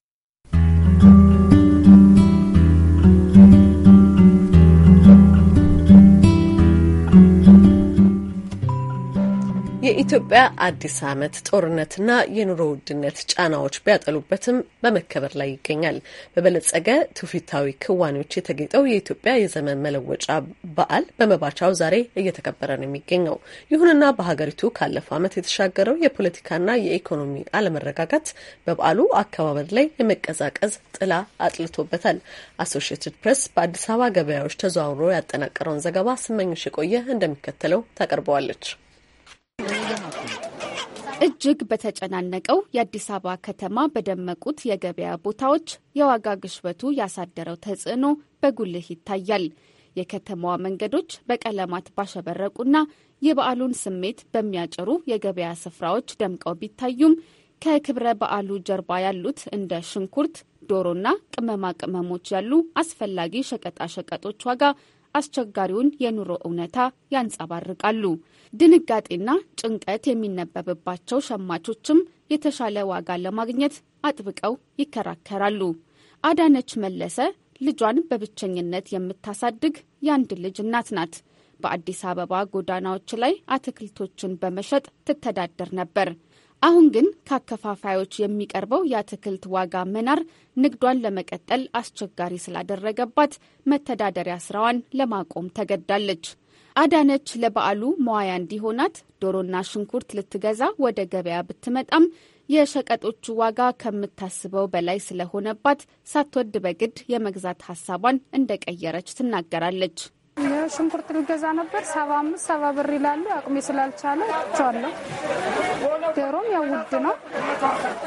በኢትዮጵያ አዲስ ዓመት ጦርነትና የኑሮ ውድነት ጫናዎች ቢያጠሉበትም በመከበር ላይ ይገኛል። በበለጸገ ትውፊታዊ ክዋኔዎች የተጌጠው የኢትዮጵያ የዘመን መለወጫ በዓል በመባቻው ዛሬ እየተከበረ ነው የሚገኘው። ይሁንና በሀገሪቱ ካለፈው ዓመት የተሻገረው የፖለቲካና የኢኮኖሚ አለመረጋጋት በበዓሉ አከባበር ላይ የመቀዛቀዝ ጥላ አጥልቶበታል። አሶሺየትድ ፕሬስ በአዲስ አበባ ገበያዎች ተዘዋውሮ ያጠናቀረውን ዘገባ ስመኞሽ የቆየ እንደሚከተለው ታቀርበዋለች። እጅግ በተጨናነቀው የአዲስ አበባ ከተማ በደመቁት የገበያ ቦታዎች የዋጋ ግሽበቱ ያሳደረው ተጽዕኖ በጉልህ ይታያል። የከተማዋ መንገዶች በቀለማት ባሸበረቁና የበዓሉን ስሜት በሚያጭሩ የገበያ ስፍራዎች ደምቀው ቢታዩም ከክብረ በዓሉ ጀርባ ያሉት እንደ ሽንኩርት፣ ዶሮና ቅመማ ቅመሞች ያሉ አስፈላጊ ሸቀጣ ሸቀጦች ዋጋ አስቸጋሪውን የኑሮ እውነታ ያንጸባርቃሉ። ድንጋጤና ጭንቀት የሚነበብባቸው ሸማቾችም የተሻለ ዋጋ ለማግኘት አጥብቀው ይከራከራሉ። አዳነች መለሰ ልጇን በብቸኝነት የምታሳድግ የአንድ ልጅ እናት ናት። በአዲስ አበባ ጎዳናዎች ላይ አትክልቶችን በመሸጥ ትተዳደር ነበር። አሁን ግን ከአከፋፋዮች የሚቀርበው የአትክልት ዋጋ መናር ንግዷን ለመቀጠል አስቸጋሪ ስላደረገባት መተዳደሪያ ስራዋን ለማቆም ተገዳለች። አዳነች ለበዓሉ መዋያ እንዲሆናት ዶሮና ሽንኩርት ልትገዛ ወደ ገበያ ብትመጣም የሸቀጦቹ ዋጋ ከምታስበው በላይ ስለሆነባት ሳትወድ በግድ የመግዛት ሀሳቧን እንደቀየረች ትናገራለች። ሽንኩርት ልገዛ ነበር ሰባ አምስት ሰባ ብር ይላሉ። አቅሜ ስላልቻለ ቸዋለሁ። ዶሮም ያው ውድ ነው።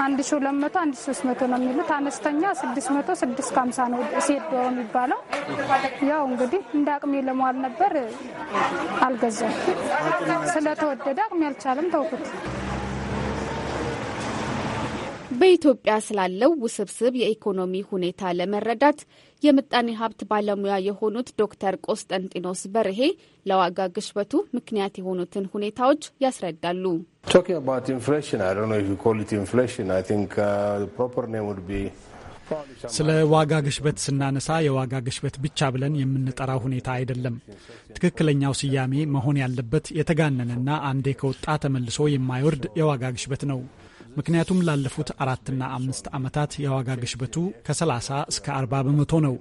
አንድ ሺ ሁለት መቶ አንድ ሺ ሶስት መቶ ነው የሚሉት። አነስተኛ ስድስት መቶ ስድስት ከሀምሳ ነው ሴት ዶሮ የሚባለው። ያው እንግዲህ እንደ አቅሜ ለመዋል ነበር አልገዛም። ስለተወደደ አቅሜ አልቻለም ተውኩት። በኢትዮጵያ ስላለው ውስብስብ የኢኮኖሚ ሁኔታ ለመረዳት የምጣኔ ሀብት ባለሙያ የሆኑት ዶክተር ቆስጠንጢኖስ በርሄ ለዋጋ ግሽበቱ ምክንያት የሆኑትን ሁኔታዎች ያስረዳሉ። uh, ስለ ዋጋ ግሽበት ስናነሳ የዋጋ ግሽበት ብቻ ብለን የምንጠራው ሁኔታ አይደለም። ትክክለኛው ስያሜ መሆን ያለበት የተጋነነና አንዴ ከወጣ ተመልሶ የማይወርድ የዋጋ ግሽበት ነው። ምክንያቱም ላለፉት አራትና አምስት ዓመታት የዋጋ ግሽበቱ ከ30 እስከ 40 በመቶ ነው።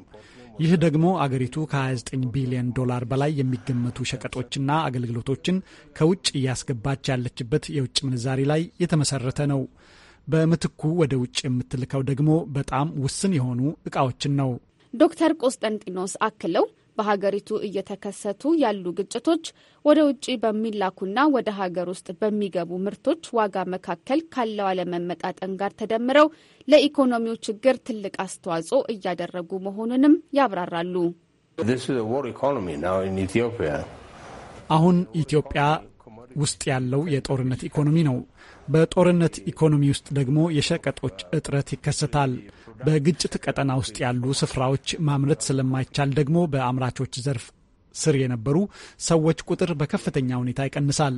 ይህ ደግሞ አገሪቱ ከ29 ቢሊዮን ዶላር በላይ የሚገመቱ ሸቀጦችና አገልግሎቶችን ከውጭ እያስገባች ያለችበት የውጭ ምንዛሪ ላይ የተመሰረተ ነው። በምትኩ ወደ ውጭ የምትልከው ደግሞ በጣም ውስን የሆኑ ዕቃዎችን ነው። ዶክተር ቆስጠንጢኖስ አክለው በሀገሪቱ እየተከሰቱ ያሉ ግጭቶች ወደ ውጭ በሚላኩና ወደ ሀገር ውስጥ በሚገቡ ምርቶች ዋጋ መካከል ካለው አለመመጣጠን ጋር ተደምረው ለኢኮኖሚው ችግር ትልቅ አስተዋጽኦ እያደረጉ መሆኑንም ያብራራሉ። አሁን ኢትዮጵያ ውስጥ ያለው የጦርነት ኢኮኖሚ ነው። በጦርነት ኢኮኖሚ ውስጥ ደግሞ የሸቀጦች እጥረት ይከሰታል። በግጭት ቀጠና ውስጥ ያሉ ስፍራዎች ማምረት ስለማይቻል ደግሞ በአምራቾች ዘርፍ ስር የነበሩ ሰዎች ቁጥር በከፍተኛ ሁኔታ ይቀንሳል።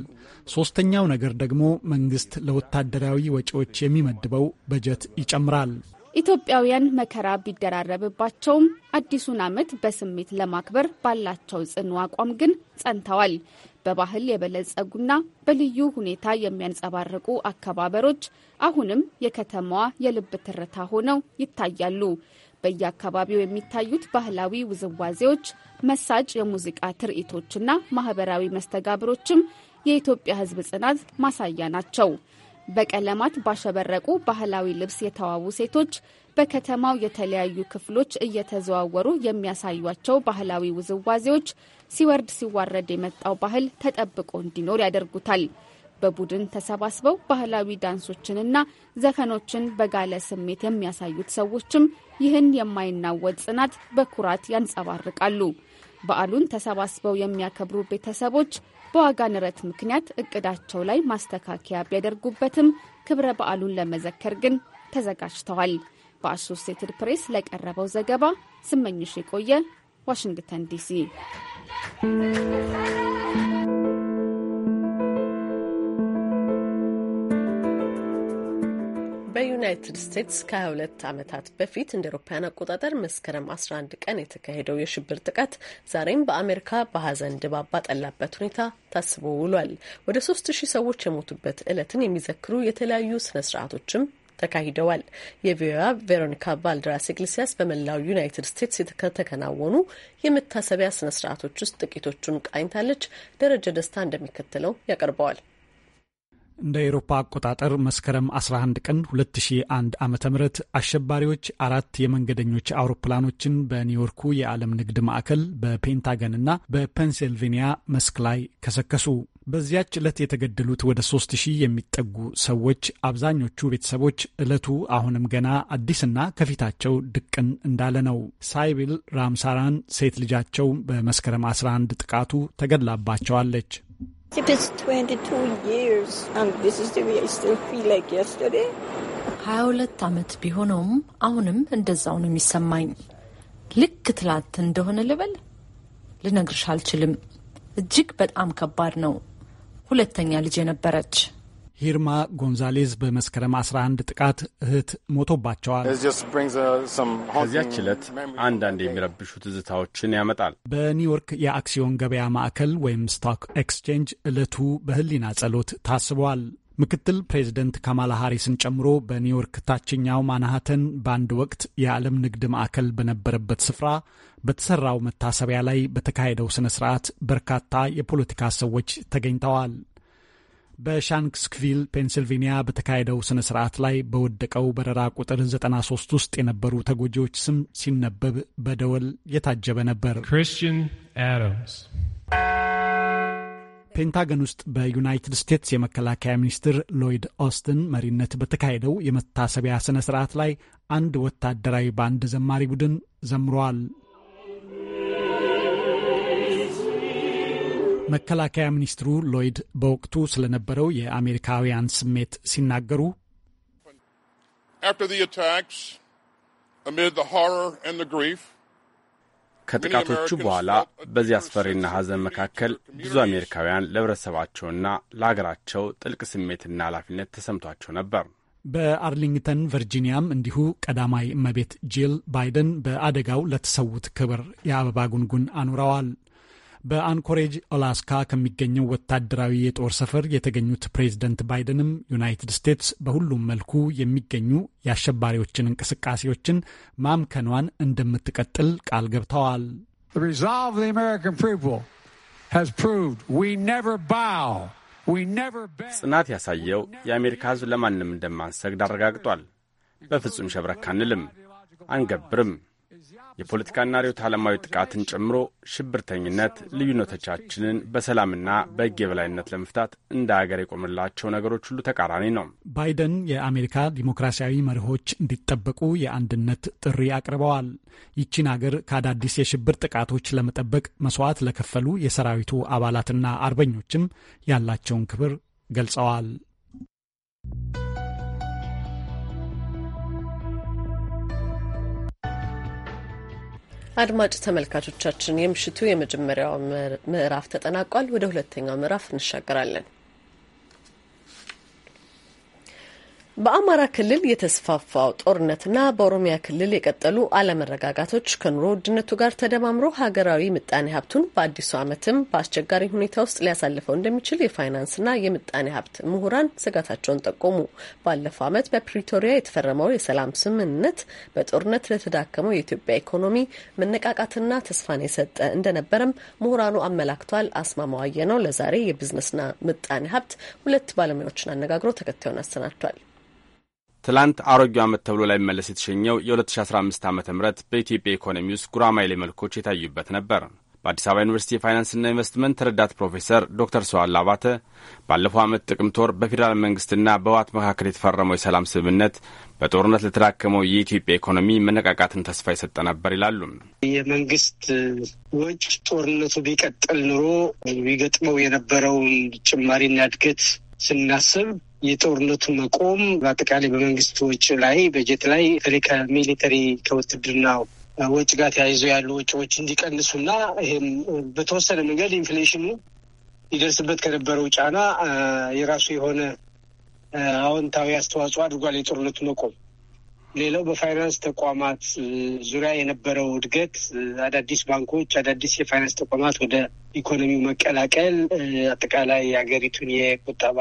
ሶስተኛው ነገር ደግሞ መንግስት ለወታደራዊ ወጪዎች የሚመድበው በጀት ይጨምራል። ኢትዮጵያውያን መከራ ቢደራረብባቸውም አዲሱን ዓመት በስሜት ለማክበር ባላቸው ጽኑ አቋም ግን ጸንተዋል። በባህል የበለጸጉና በልዩ ሁኔታ የሚያንጸባርቁ አከባበሮች አሁንም የከተማዋ የልብ ትርታ ሆነው ይታያሉ። በየአካባቢው የሚታዩት ባህላዊ ውዝዋዜዎች፣ መሳጭ የሙዚቃ ትርኢቶችና ማህበራዊ መስተጋብሮችም የኢትዮጵያ ሕዝብ ጽናት ማሳያ ናቸው። በቀለማት ባሸበረቁ ባህላዊ ልብስ የተዋቡ ሴቶች በከተማው የተለያዩ ክፍሎች እየተዘዋወሩ የሚያሳዩቸው ባህላዊ ውዝዋዜዎች ሲወርድ ሲዋረድ የመጣው ባህል ተጠብቆ እንዲኖር ያደርጉታል። በቡድን ተሰባስበው ባህላዊ ዳንሶችንና ዘፈኖችን በጋለ ስሜት የሚያሳዩት ሰዎችም ይህን የማይናወጥ ጽናት በኩራት ያንጸባርቃሉ። በዓሉን ተሰባስበው የሚያከብሩ ቤተሰቦች በዋጋ ንረት ምክንያት እቅዳቸው ላይ ማስተካከያ ቢያደርጉበትም ክብረ በዓሉን ለመዘከር ግን ተዘጋጅተዋል። በአሶሴትድ ፕሬስ ለቀረበው ዘገባ ስመኝሽ የቆየ ዋሽንግተን ዲሲ። በዩናይትድ ስቴትስ ከ22 ዓመታት በፊት እንደ ኤሮፓያን አቆጣጠር መስከረም 11 ቀን የተካሄደው የሽብር ጥቃት ዛሬም በአሜሪካ በሀዘን ድባብ ባጠላበት ሁኔታ ታስቦ ውሏል። ወደ 3000 ሰዎች የሞቱበት ዕለትን የሚዘክሩ የተለያዩ ስነ ስርዓቶችም ተካሂደዋል። የቪዮያ ቬሮኒካ ቫልደራስ ኢግሌሲያስ በመላው ዩናይትድ ስቴትስ ከተከናወኑ የመታሰቢያ ስነስርዓቶች ውስጥ ጥቂቶቹን ቃኝታለች። ደረጀ ደስታ እንደሚከተለው ያቀርበዋል። እንደ ኤሮፓ አቆጣጠር መስከረም 11 ቀን 2001 ዓ ም አሸባሪዎች አራት የመንገደኞች አውሮፕላኖችን በኒውዮርኩ የዓለም ንግድ ማዕከል በፔንታገንና በፔንሲልቬኒያ መስክ ላይ ከሰከሱ። በዚያች ዕለት የተገደሉት ወደ ሶስት ሺህ የሚጠጉ ሰዎች አብዛኞቹ ቤተሰቦች ዕለቱ አሁንም ገና አዲስና ከፊታቸው ድቅን እንዳለ ነው። ሳይቢል ራምሳራን ሴት ልጃቸው በመስከረም 11 ጥቃቱ ተገድላባቸዋለች። ሀያ ሁለት ዓመት ቢሆነውም አሁንም እንደዛው ነው የሚሰማኝ። ልክ ትላንት እንደሆነ ልበል ልነግርሽ አልችልም። እጅግ በጣም ከባድ ነው። ሁለተኛ ልጅ የነበረች ሂርማ ጎንዛሌዝ በመስከረም 11 ጥቃት እህት ሞቶባቸዋል። uh, ከዚያች ዕለት አንዳንድ የሚረብሹ ትዝታዎችን ያመጣል። በኒውዮርክ የአክሲዮን ገበያ ማዕከል ወይም ስቶክ ኤክስቼንጅ ዕለቱ በህሊና ጸሎት ታስበዋል። ምክትል ፕሬዚደንት ካማላ ሃሪስን ጨምሮ በኒውዮርክ ታችኛው ማናሃተን በአንድ ወቅት የዓለም ንግድ ማዕከል በነበረበት ስፍራ በተሰራው መታሰቢያ ላይ በተካሄደው ስነ ስርዓት በርካታ የፖለቲካ ሰዎች ተገኝተዋል። በሻንክስክቪል ፔንስልቬንያ በተካሄደው ስነ ስርዓት ላይ በወደቀው በረራ ቁጥር 93 ውስጥ የነበሩ ተጎጂዎች ስም ሲነበብ በደወል የታጀበ ነበር። አዳምስ ፔንታገን ውስጥ በዩናይትድ ስቴትስ የመከላከያ ሚኒስትር ሎይድ ኦስትን መሪነት በተካሄደው የመታሰቢያ ስነ ስርዓት ላይ አንድ ወታደራዊ ባንድ ዘማሪ ቡድን ዘምረዋል። መከላከያ ሚኒስትሩ ሎይድ በወቅቱ ስለነበረው የአሜሪካውያን ስሜት ሲናገሩ ከጥቃቶቹ በኋላ በዚህ አስፈሪና ሐዘን መካከል ብዙ አሜሪካውያን ለብረተሰባቸውና ለሀገራቸው ጥልቅ ስሜትና ኃላፊነት ተሰምቷቸው ነበር። በአርሊንግተን ቨርጂኒያም እንዲሁ ቀዳማይ እመቤት ጂል ባይደን በአደጋው ለተሰዉት ክብር የአበባ ጉንጉን አኑረዋል። በአንኮሬጅ አላስካ ከሚገኘው ወታደራዊ የጦር ሰፈር የተገኙት ፕሬዝደንት ባይደንም ዩናይትድ ስቴትስ በሁሉም መልኩ የሚገኙ የአሸባሪዎችን እንቅስቃሴዎችን ማምከኗን እንደምትቀጥል ቃል ገብተዋል። ጽናት ያሳየው የአሜሪካ ሕዝብ ለማንም እንደማንሰግድ አረጋግጧል። በፍጹም ሸብረካ አንልም፣ አንገብርም። የፖለቲካና ርዕዮተ ዓለማዊ ጥቃትን ጨምሮ ሽብርተኝነት ልዩነቶቻችንን በሰላምና በሕግ የበላይነት ለመፍታት እንደ አገር የቆምላቸው ነገሮች ሁሉ ተቃራኒ ነው። ባይደን የአሜሪካ ዲሞክራሲያዊ መርሆች እንዲጠበቁ የአንድነት ጥሪ አቅርበዋል። ይቺን አገር ከአዳዲስ የሽብር ጥቃቶች ለመጠበቅ መስዋዕት ለከፈሉ የሰራዊቱ አባላትና አርበኞችም ያላቸውን ክብር ገልጸዋል። አድማጭ ተመልካቾቻችን የምሽቱ የመጀመሪያው ምዕራፍ ተጠናቋል። ወደ ሁለተኛው ምዕራፍ እንሻገራለን። በአማራ ክልል የተስፋፋው ጦርነትና በኦሮሚያ ክልል የቀጠሉ አለመረጋጋቶች ከኑሮ ውድነቱ ጋር ተደማምሮ ሀገራዊ ምጣኔ ሀብቱን በአዲሱ ዓመትም በአስቸጋሪ ሁኔታ ውስጥ ሊያሳልፈው እንደሚችል የፋይናንስና የምጣኔ ሀብት ምሁራን ስጋታቸውን ጠቆሙ። ባለፈው ዓመት በፕሪቶሪያ የተፈረመው የሰላም ስምምነት በጦርነት ለተዳከመው የኢትዮጵያ ኢኮኖሚ መነቃቃትና ተስፋን የሰጠ እንደነበረም ምሁራኑ አመላክቷል። አስማማዋየ ነው ለዛሬ የቢዝነስና ምጣኔ ሀብት ሁለት ባለሙያዎችን አነጋግሮ ተከታዩን አሰናድቷል። ትላንት አሮጌው ዓመት ተብሎ ላይ መለስ የተሸኘው የ2015 ዓ ም በኢትዮጵያ ኢኮኖሚ ውስጥ ጉራማይሌ መልኮች የታዩበት ነበር። በአዲስ አበባ ዩኒቨርሲቲ የፋይናንስና ኢንቨስትመንት ረዳት ፕሮፌሰር ዶክተር ሰዋል አባተ ባለፈው ዓመት ጥቅምት ወር በፌዴራል መንግስትና በህወሓት መካከል የተፈረመው የሰላም ስምምነት በጦርነት ለተዳከመው የኢትዮጵያ ኢኮኖሚ መነቃቃትን ተስፋ የሰጠ ነበር ይላሉ። የመንግስት ወጪ ጦርነቱ ቢቀጥል ኑሮ ቢገጥመው የነበረውን ጭማሪና እድገት ስናስብ የጦርነቱ መቆም በአጠቃላይ በመንግስት ወጪ ላይ በጀት ላይ በተለይ ከሚሊተሪ ከውትድርና ወጪ ጋር ተያይዞ ያሉ ወጪዎች እንዲቀንሱና ይህም በተወሰነ መንገድ ኢንፍሌሽኑ ሊደርስበት ከነበረው ጫና የራሱ የሆነ አዎንታዊ አስተዋጽኦ አድርጓል የጦርነቱ መቆም። ሌላው በፋይናንስ ተቋማት ዙሪያ የነበረው እድገት፣ አዳዲስ ባንኮች፣ አዳዲስ የፋይናንስ ተቋማት ወደ ኢኮኖሚው መቀላቀል አጠቃላይ የሀገሪቱን የቁጠባ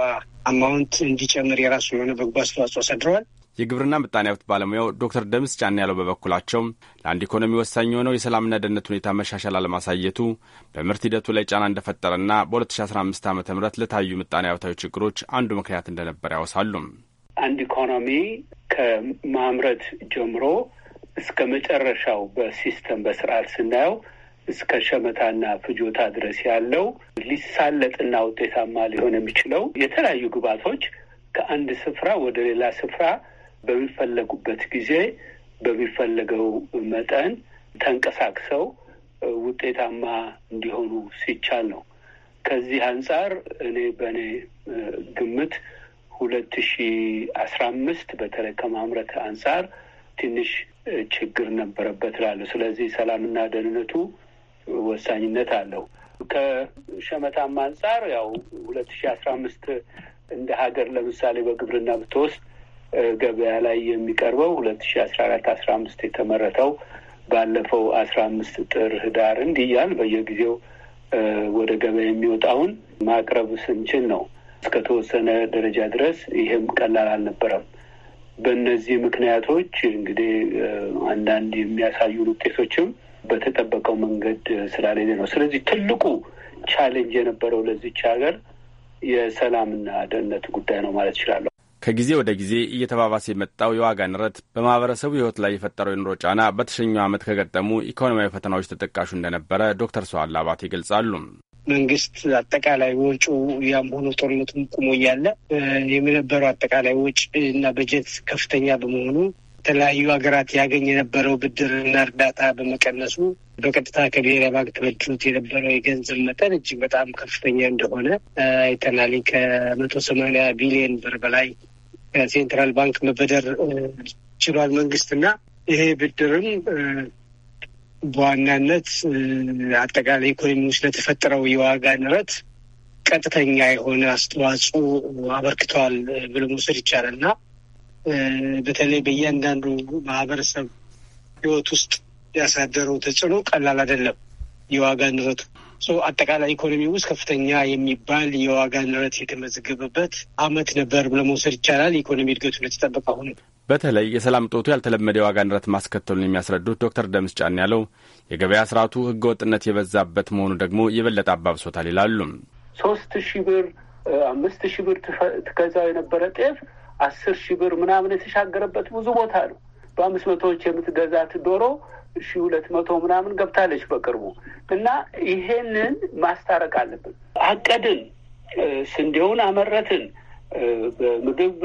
አማውንት እንዲጨምር የራሱ የሆነ በጎ አስተዋጽኦ አሳድረዋል። የግብርና ምጣኔ ሀብት ባለሙያው ዶክተር ደምስ ጫን ያለው በበኩላቸው ለአንድ ኢኮኖሚ ወሳኝ የሆነው የሰላምና ደህንነት ሁኔታ መሻሻል አለማሳየቱ በምርት ሂደቱ ላይ ጫና እንደፈጠረና በ2015 ዓ ም ለታዩ ምጣኔ ሀብታዊ ችግሮች አንዱ ምክንያት እንደነበር ያወሳሉ። አንድ ኢኮኖሚ ከማምረት ጀምሮ እስከ መጨረሻው በሲስተም በስርዓት ስናየው እስከ ሸመታና ፍጆታ ድረስ ያለው ሊሳለጥና ውጤታማ ሊሆን የሚችለው የተለያዩ ግብዓቶች ከአንድ ስፍራ ወደ ሌላ ስፍራ በሚፈለጉበት ጊዜ በሚፈለገው መጠን ተንቀሳቅሰው ውጤታማ እንዲሆኑ ሲቻል ነው። ከዚህ አንጻር እኔ በእኔ ግምት ሁለት ሺ አስራ አምስት በተለይ ከማምረት አንጻር ትንሽ ችግር ነበረበት ላሉ። ስለዚህ ሰላምና ደህንነቱ ወሳኝነት አለው። ከሸመታም አንጻር ያው ሁለት ሺ አስራ አምስት እንደ ሀገር ለምሳሌ በግብርና ብትወስድ ገበያ ላይ የሚቀርበው ሁለት ሺ አስራ አራት አስራ አምስት የተመረተው ባለፈው አስራ አምስት ጥር ህዳር እንዲያል በየጊዜው ወደ ገበያ የሚወጣውን ማቅረብ ስንችል ነው እስከ ተወሰነ ደረጃ ድረስ ይህም ቀላል አልነበረም። በእነዚህ ምክንያቶች እንግዲህ አንዳንድ የሚያሳዩን ውጤቶችም በተጠበቀው መንገድ ስላልሄደ ነው። ስለዚህ ትልቁ ቻሌንጅ የነበረው ለዚች ሀገር የሰላምና ደህንነት ጉዳይ ነው ማለት እችላለሁ። ከጊዜ ወደ ጊዜ እየተባባሰ የመጣው የዋጋ ንረት በማህበረሰቡ ህይወት ላይ የፈጠረው የኑሮ ጫና በተሸኘው ዓመት ከገጠሙ ኢኮኖሚያዊ ፈተናዎች ተጠቃሹ እንደነበረ ዶክተር ሰዋላ አባት ይገልጻሉ። መንግስት አጠቃላይ ወጪው ያም ሆኖ ጦርነቱም ቁሞ እያለ የነበረው አጠቃላይ ወጪ እና በጀት ከፍተኛ በመሆኑ የተለያዩ ሀገራት ያገኝ የነበረው ብድርና እርዳታ በመቀነሱ በቀጥታ ከብሔራዊ ባንክ ተበድሮት የነበረው የገንዘብ መጠን እጅግ በጣም ከፍተኛ እንደሆነ አይተናል። ከመቶ ሰማንያ ቢሊዮን ብር በላይ ከሴንትራል ባንክ መበደር ችሏል መንግስትና ይሄ ብድርም በዋናነት አጠቃላይ ኢኮኖሚ ውስጥ ለተፈጠረው የዋጋ ንረት ቀጥተኛ የሆነ አስተዋጽኦ አበርክተዋል ብሎ መውሰድ ይቻላል እና በተለይ በእያንዳንዱ ማህበረሰብ ህይወት ውስጥ ያሳደረው ተጽዕኖ ቀላል አይደለም። የዋጋ ንረቱ አጠቃላይ ኢኮኖሚ ውስጥ ከፍተኛ የሚባል የዋጋ ንረት የተመዘገበበት አመት ነበር ብሎ መውሰድ ይቻላል። የኢኮኖሚ እድገቱ ለተጠበቀ ሆነ። በተለይ የሰላም እጦቱ ያልተለመደ የዋጋ ንረት ማስከተሉን የሚያስረዱት ዶክተር ደምስ ጫን ያለው የገበያ ስርዓቱ ወጥነት የበዛበት መሆኑ ደግሞ የበለጠ አባብሶታል ይላሉ። ሶስት ሺህ ብር አምስት ሺህ ብር ትገዛው የነበረ ጤፍ አስር ሺህ ብር ምናምን የተሻገረበት ብዙ ቦታ ነው። በአምስት መቶዎች የምትገዛት ዶሮ ሺ ሁለት መቶ ምናምን ገብታለች በቅርቡ እና ይሄንን ማስታረቅ አለብን። አቀድን፣ ስንዴውን አመረትን፣ በምግብ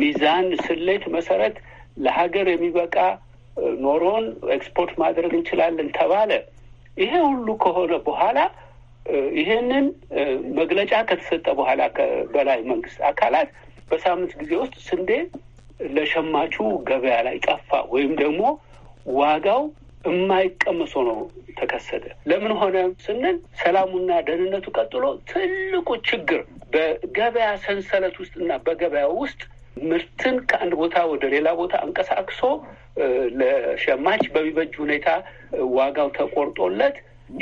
ሚዛን ስሌት መሰረት ለሀገር የሚበቃ ኖሮን ኤክስፖርት ማድረግ እንችላለን ተባለ። ይሄ ሁሉ ከሆነ በኋላ ይሄንን መግለጫ ከተሰጠ በኋላ በላይ መንግስት አካላት በሳምንት ጊዜ ውስጥ ስንዴ ለሸማቹ ገበያ ላይ ጠፋ ወይም ደግሞ ዋጋው የማይቀመስ ሆኖ ተከሰተ። ለምን ሆነ ስንል ሰላሙና ደህንነቱ ቀጥሎ ትልቁ ችግር በገበያ ሰንሰለት ውስጥ እና በገበያ ውስጥ ምርትን ከአንድ ቦታ ወደ ሌላ ቦታ አንቀሳቅሶ ለሸማች በሚበጅ ሁኔታ ዋጋው ተቆርጦለት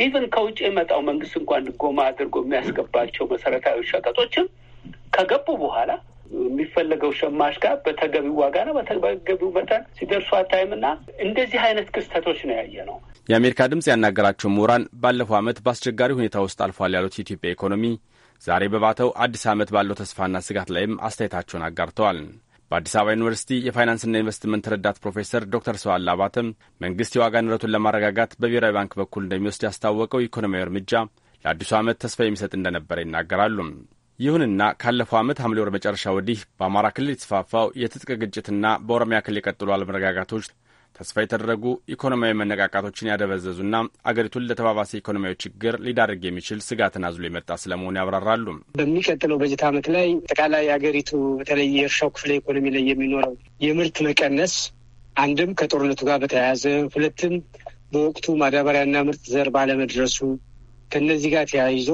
ኢቨን ከውጭ የመጣው መንግስት እንኳን ድጎማ አድርጎ የሚያስገባቸው መሰረታዊ ሸቀጦችም ከገቡ በኋላ የሚፈለገው ሸማች ጋር በተገቢው ነው በተገቢው መጠን ሲደርሱ አታይምና እንደዚህ አይነት ክስተቶች ነው ያየ ነው። የአሜሪካ ድምፅ ያናገራቸው ምሁራን ባለፈው ዓመት በአስቸጋሪ ሁኔታ ውስጥ አልፏል ያሉት የኢትዮጵያ ኢኮኖሚ ዛሬ በባተው አዲስ ዓመት ባለው ተስፋና ስጋት ላይም አስተያየታቸውን አጋርተዋል። በአዲስ አበባ ዩኒቨርሲቲ የፋይናንስና ኢንቨስትመንት ረዳት ፕሮፌሰር ዶክተር ሰዋል አባተም መንግስት የዋጋ ንረቱን ለማረጋጋት በብሔራዊ ባንክ በኩል እንደሚወስድ ያስታወቀው ኢኮኖሚያዊ እርምጃ ለአዲሱ ዓመት ተስፋ የሚሰጥ እንደነበረ ይናገራሉ። ይሁንና ካለፈው ዓመት ሐምሌ ወር መጨረሻ ወዲህ በአማራ ክልል የተስፋፋው የትጥቅ ግጭትና በኦሮሚያ ክልል የቀጠሉ አለመረጋጋቶች ተስፋ የተደረጉ ኢኮኖሚያዊ መነቃቃቶችን ያደበዘዙና አገሪቱን ለተባባሰ ኢኮኖሚያዊ ችግር ሊዳርግ የሚችል ስጋትን አዝሎ የመጣ ስለመሆኑ ያብራራሉ። በሚቀጥለው በጀት ዓመት ላይ አጠቃላይ አገሪቱ በተለይ የእርሻው ክፍለ ኢኮኖሚ ላይ የሚኖረው የምርት መቀነስ አንድም ከጦርነቱ ጋር በተያያዘ ሁለትም በወቅቱ ማዳበሪያና ምርጥ ዘር ባለመድረሱ ከነዚህ ጋር ተያይዞ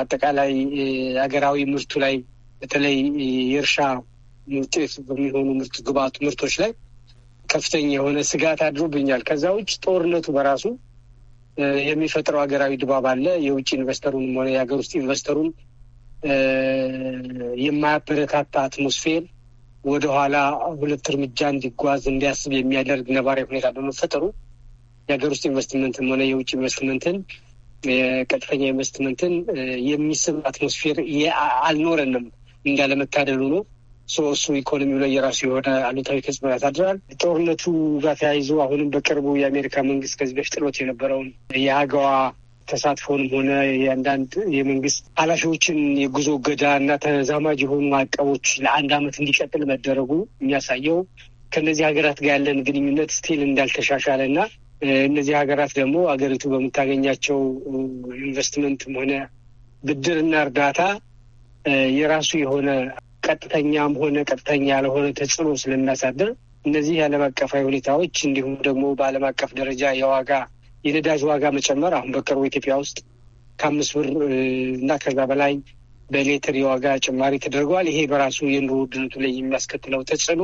አጠቃላይ ሀገራዊ ምርቱ ላይ በተለይ የእርሻ ውጤት በሚሆኑ ምርት ግብአቱ ምርቶች ላይ ከፍተኛ የሆነ ስጋት አድሮብኛል። ከዛ ውጭ ጦርነቱ በራሱ የሚፈጥረው ሀገራዊ ድባብ አለ። የውጭ ኢንቨስተሩንም ሆነ የሀገር ውስጥ ኢንቨስተሩን የማያበረታታ አትሞስፌር ወደኋላ ሁለት እርምጃ እንዲጓዝ እንዲያስብ የሚያደርግ ነባራዊ ሁኔታ በመፈጠሩ የሀገር ውስጥ ኢንቨስትመንትም ሆነ የውጭ ኢንቨስትመንትን የቀጥተኛ ኢንቨስትመንትን የሚስብ አትሞስፌር አልኖረንም። እንዳለመታደሉ ነው። እሱ ኢኮኖሚው ላይ የራሱ የሆነ አሉታዊ ተጽዕኖ ያሳድራል። ጦርነቱ ጋር ተያይዞ አሁንም በቅርቡ የአሜሪካ መንግስት ከዚህ በፊት ጥሎት የነበረውን የአገዋ ተሳትፎንም ሆነ የአንዳንድ የመንግስት ኃላፊዎችን የጉዞ እገዳ እና ተዛማጅ የሆኑ ማዕቀቦች ለአንድ አመት እንዲቀጥል መደረጉ የሚያሳየው ከእነዚህ ሀገራት ጋር ያለን ግንኙነት ስቲል እንዳልተሻሻለ እና እነዚህ ሀገራት ደግሞ አገሪቱ በምታገኛቸው ኢንቨስትመንትም ሆነ ብድርና እርዳታ የራሱ የሆነ ቀጥተኛም ሆነ ቀጥተኛ ያልሆነ ተጽዕኖ ስለሚያሳድር እነዚህ የዓለም አቀፋዊ ሁኔታዎች እንዲሁም ደግሞ በዓለም አቀፍ ደረጃ የዋጋ የነዳጅ ዋጋ መጨመር አሁን በቅርቡ ኢትዮጵያ ውስጥ ከአምስት ብር እና ከዛ በላይ በሌትር የዋጋ ጭማሪ ተደርገዋል። ይሄ በራሱ የኑሮ ውድነቱ ላይ የሚያስከትለው ተጽዕኖ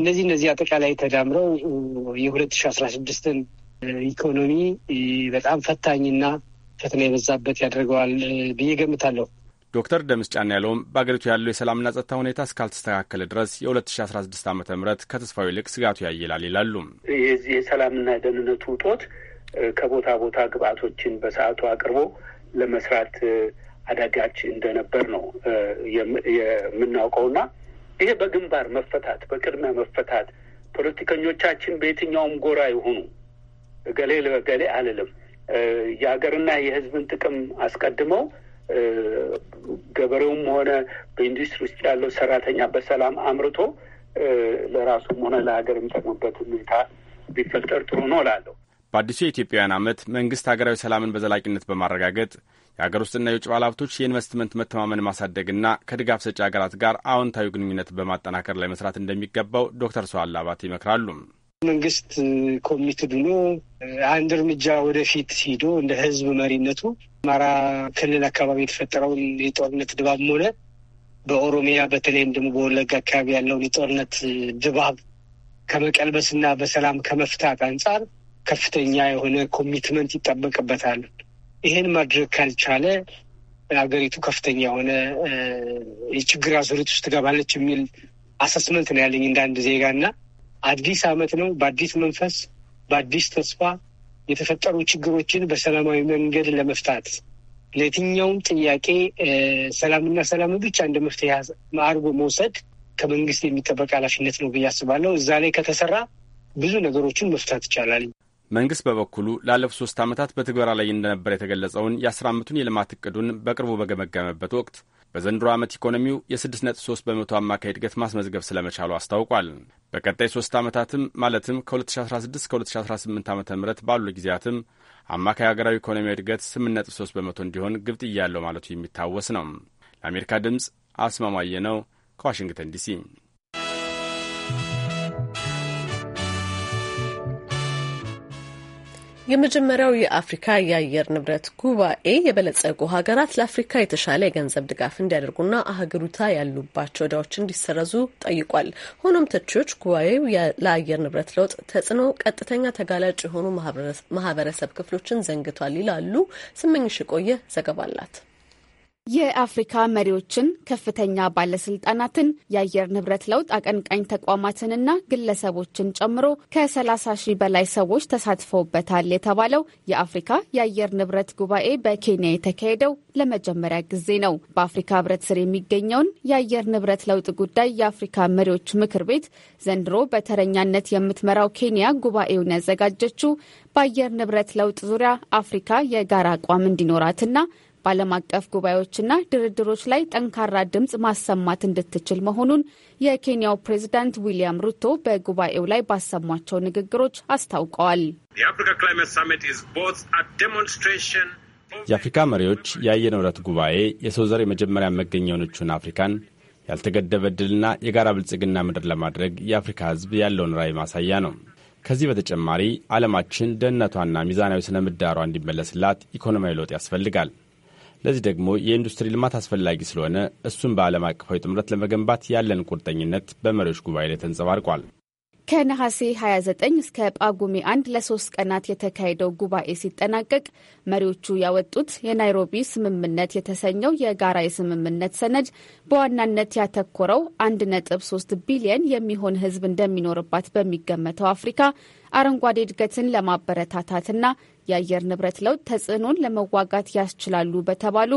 እነዚህ እነዚህ አጠቃላይ ተዳምረው የሁለት ሺ አስራ ስድስትን ኢኮኖሚ በጣም ፈታኝና ፈተና የበዛበት ያደርገዋል ብዬ ገምታለሁ። ዶክተር ደምስ ጫን ያለውም በአገሪቱ ያለው የሰላምና ጸጥታ ሁኔታ እስካልተስተካከለ ድረስ የ2016 ዓ ም ከተስፋው ይልቅ ስጋቱ ያይላል ይላሉ። የዚህ የሰላምና ደህንነቱ ውጦት ከቦታ ቦታ ግብአቶችን በሰዓቱ አቅርቦ ለመስራት አዳጋች እንደነበር ነው የምናውቀውና ይሄ በግንባር መፈታት በቅድሚያ መፈታት ፖለቲከኞቻችን በየትኛውም ጎራ የሆኑ እገሌ ለገሌ አልልም። የሀገርና የሕዝብን ጥቅም አስቀድመው ገበሬውም ሆነ በኢንዱስትሪ ውስጥ ያለው ሰራተኛ በሰላም አምርቶ ለራሱም ሆነ ለሀገር የሚጠቅምበት ሁኔታ ቢፈጠር ጥሩ ነው እላለሁ። በአዲሱ የኢትዮጵያውያን ዓመት መንግስት ሀገራዊ ሰላምን በዘላቂነት በማረጋገጥ የሀገር ውስጥና የውጭ ባለ የኢንቨስትመንት መተማመን ማሳደግና ከድጋፍ ሰጪ ሀገራት ጋር አዎንታዊ ግንኙነት በማጠናከር ላይ መስራት እንደሚገባው ዶክተር ሰዋላ አባት ይመክራሉ። መንግስት ኮሚትድ ሆኖ አንድ እርምጃ ወደፊት ሂዶ እንደ ህዝብ መሪነቱ አማራ ክልል አካባቢ የተፈጠረውን የጦርነት ድባብ ሆነ በኦሮሚያ በተለይም ደግሞ በወለጋ አካባቢ ያለውን የጦርነት ድባብ ከመቀልበስና በሰላም ከመፍታት አንጻር ከፍተኛ የሆነ ኮሚትመንት ይጠበቅበታል። ይህን ማድረግ ካልቻለ ሀገሪቱ ከፍተኛ የሆነ የችግር አዙሪት ውስጥ ትገባለች የሚል አሰስመንት ነው ያለኝ እንደ አንድ ዜጋ እና አዲስ ዓመት ነው። በአዲስ መንፈስ፣ በአዲስ ተስፋ የተፈጠሩ ችግሮችን በሰላማዊ መንገድ ለመፍታት ለየትኛውም ጥያቄ ሰላምና ሰላም ብቻ እንደ መፍትሄ አድርጎ መውሰድ ከመንግስት የሚጠበቅ ኃላፊነት ነው ብዬ አስባለሁ። እዛ ላይ ከተሰራ ብዙ ነገሮችን መፍታት ይቻላል። መንግስት በበኩሉ ላለፉት ሶስት ዓመታት በትግበራ ላይ እንደነበር የተገለጸውን የአስራ አመቱን የልማት እቅዱን በቅርቡ በገመገመበት ወቅት በዘንድሮ ዓመት ኢኮኖሚው የ6.3 በመቶ አማካይ እድገት ማስመዝገብ ስለመቻሉ አስታውቋል። በቀጣይ ሶስት ዓመታትም ማለትም ከ2016 ከ2018 ዓ ም ባሉ ጊዜያትም አማካይ ሀገራዊ ኢኮኖሚያዊ እድገት 8.3 በመቶ እንዲሆን ግብጥ እያለው ማለቱ የሚታወስ ነው። ለአሜሪካ ድምፅ አስማማየ ነው ከዋሽንግተን ዲሲ የመጀመሪያው የአፍሪካ የአየር ንብረት ጉባኤ የበለጸጉ ሀገራት ለአፍሪካ የተሻለ የገንዘብ ድጋፍ እንዲያደርጉና አህጉሪቷ ያሉባቸው እዳዎች እንዲሰረዙ ጠይቋል። ሆኖም ተቺዎች ጉባኤው ለአየር ንብረት ለውጥ ተጽዕኖ ቀጥተኛ ተጋላጭ የሆኑ ማህበረሰብ ክፍሎችን ዘንግቷል ይላሉ። ስመኝሽ የቆየ ዘገባ አላት። የአፍሪካ መሪዎችን፣ ከፍተኛ ባለስልጣናትን፣ የአየር ንብረት ለውጥ አቀንቃኝ ተቋማትንና ግለሰቦችን ጨምሮ ከ30 ሺህ በላይ ሰዎች ተሳትፈውበታል የተባለው የአፍሪካ የአየር ንብረት ጉባኤ በኬንያ የተካሄደው ለመጀመሪያ ጊዜ ነው። በአፍሪካ ህብረት ስር የሚገኘውን የአየር ንብረት ለውጥ ጉዳይ የአፍሪካ መሪዎች ምክር ቤት ዘንድሮ በተረኛነት የምትመራው ኬንያ ጉባኤውን ያዘጋጀችው በአየር ንብረት ለውጥ ዙሪያ አፍሪካ የጋራ አቋም እንዲኖራትና በዓለም አቀፍ ጉባኤዎችና ድርድሮች ላይ ጠንካራ ድምፅ ማሰማት እንድትችል መሆኑን የኬንያው ፕሬዝዳንት ዊሊያም ሩቶ በጉባኤው ላይ ባሰሟቸው ንግግሮች አስታውቀዋል። የአፍሪካ መሪዎች የአየር ንብረት ጉባኤ የሰው ዘር የመጀመሪያ መገኛ የሆነችውን አፍሪካን ያልተገደበ ድልና የጋራ ብልጽግና ምድር ለማድረግ የአፍሪካ ሕዝብ ያለውን ራዕይ ማሳያ ነው። ከዚህ በተጨማሪ ዓለማችን ደህንነቷና ሚዛናዊ ስነ ምህዳሯ እንዲመለስላት ኢኮኖሚያዊ ለውጥ ያስፈልጋል። ለዚህ ደግሞ የኢንዱስትሪ ልማት አስፈላጊ ስለሆነ እሱን በዓለም አቀፋዊ ጥምረት ለመገንባት ያለን ቁርጠኝነት በመሪዎች ጉባኤ ላይ ተንጸባርቋል። ከነሐሴ 29 እስከ ጳጉሜ 1 ለሶስት ቀናት የተካሄደው ጉባኤ ሲጠናቀቅ መሪዎቹ ያወጡት የናይሮቢ ስምምነት የተሰኘው የጋራ የስምምነት ሰነድ በዋናነት ያተኮረው 1.3 ቢሊየን የሚሆን ሕዝብ እንደሚኖርባት በሚገመተው አፍሪካ አረንጓዴ እድገትን ለማበረታታትና የአየር ንብረት ለውጥ ተጽዕኖን ለመዋጋት ያስችላሉ በተባሉ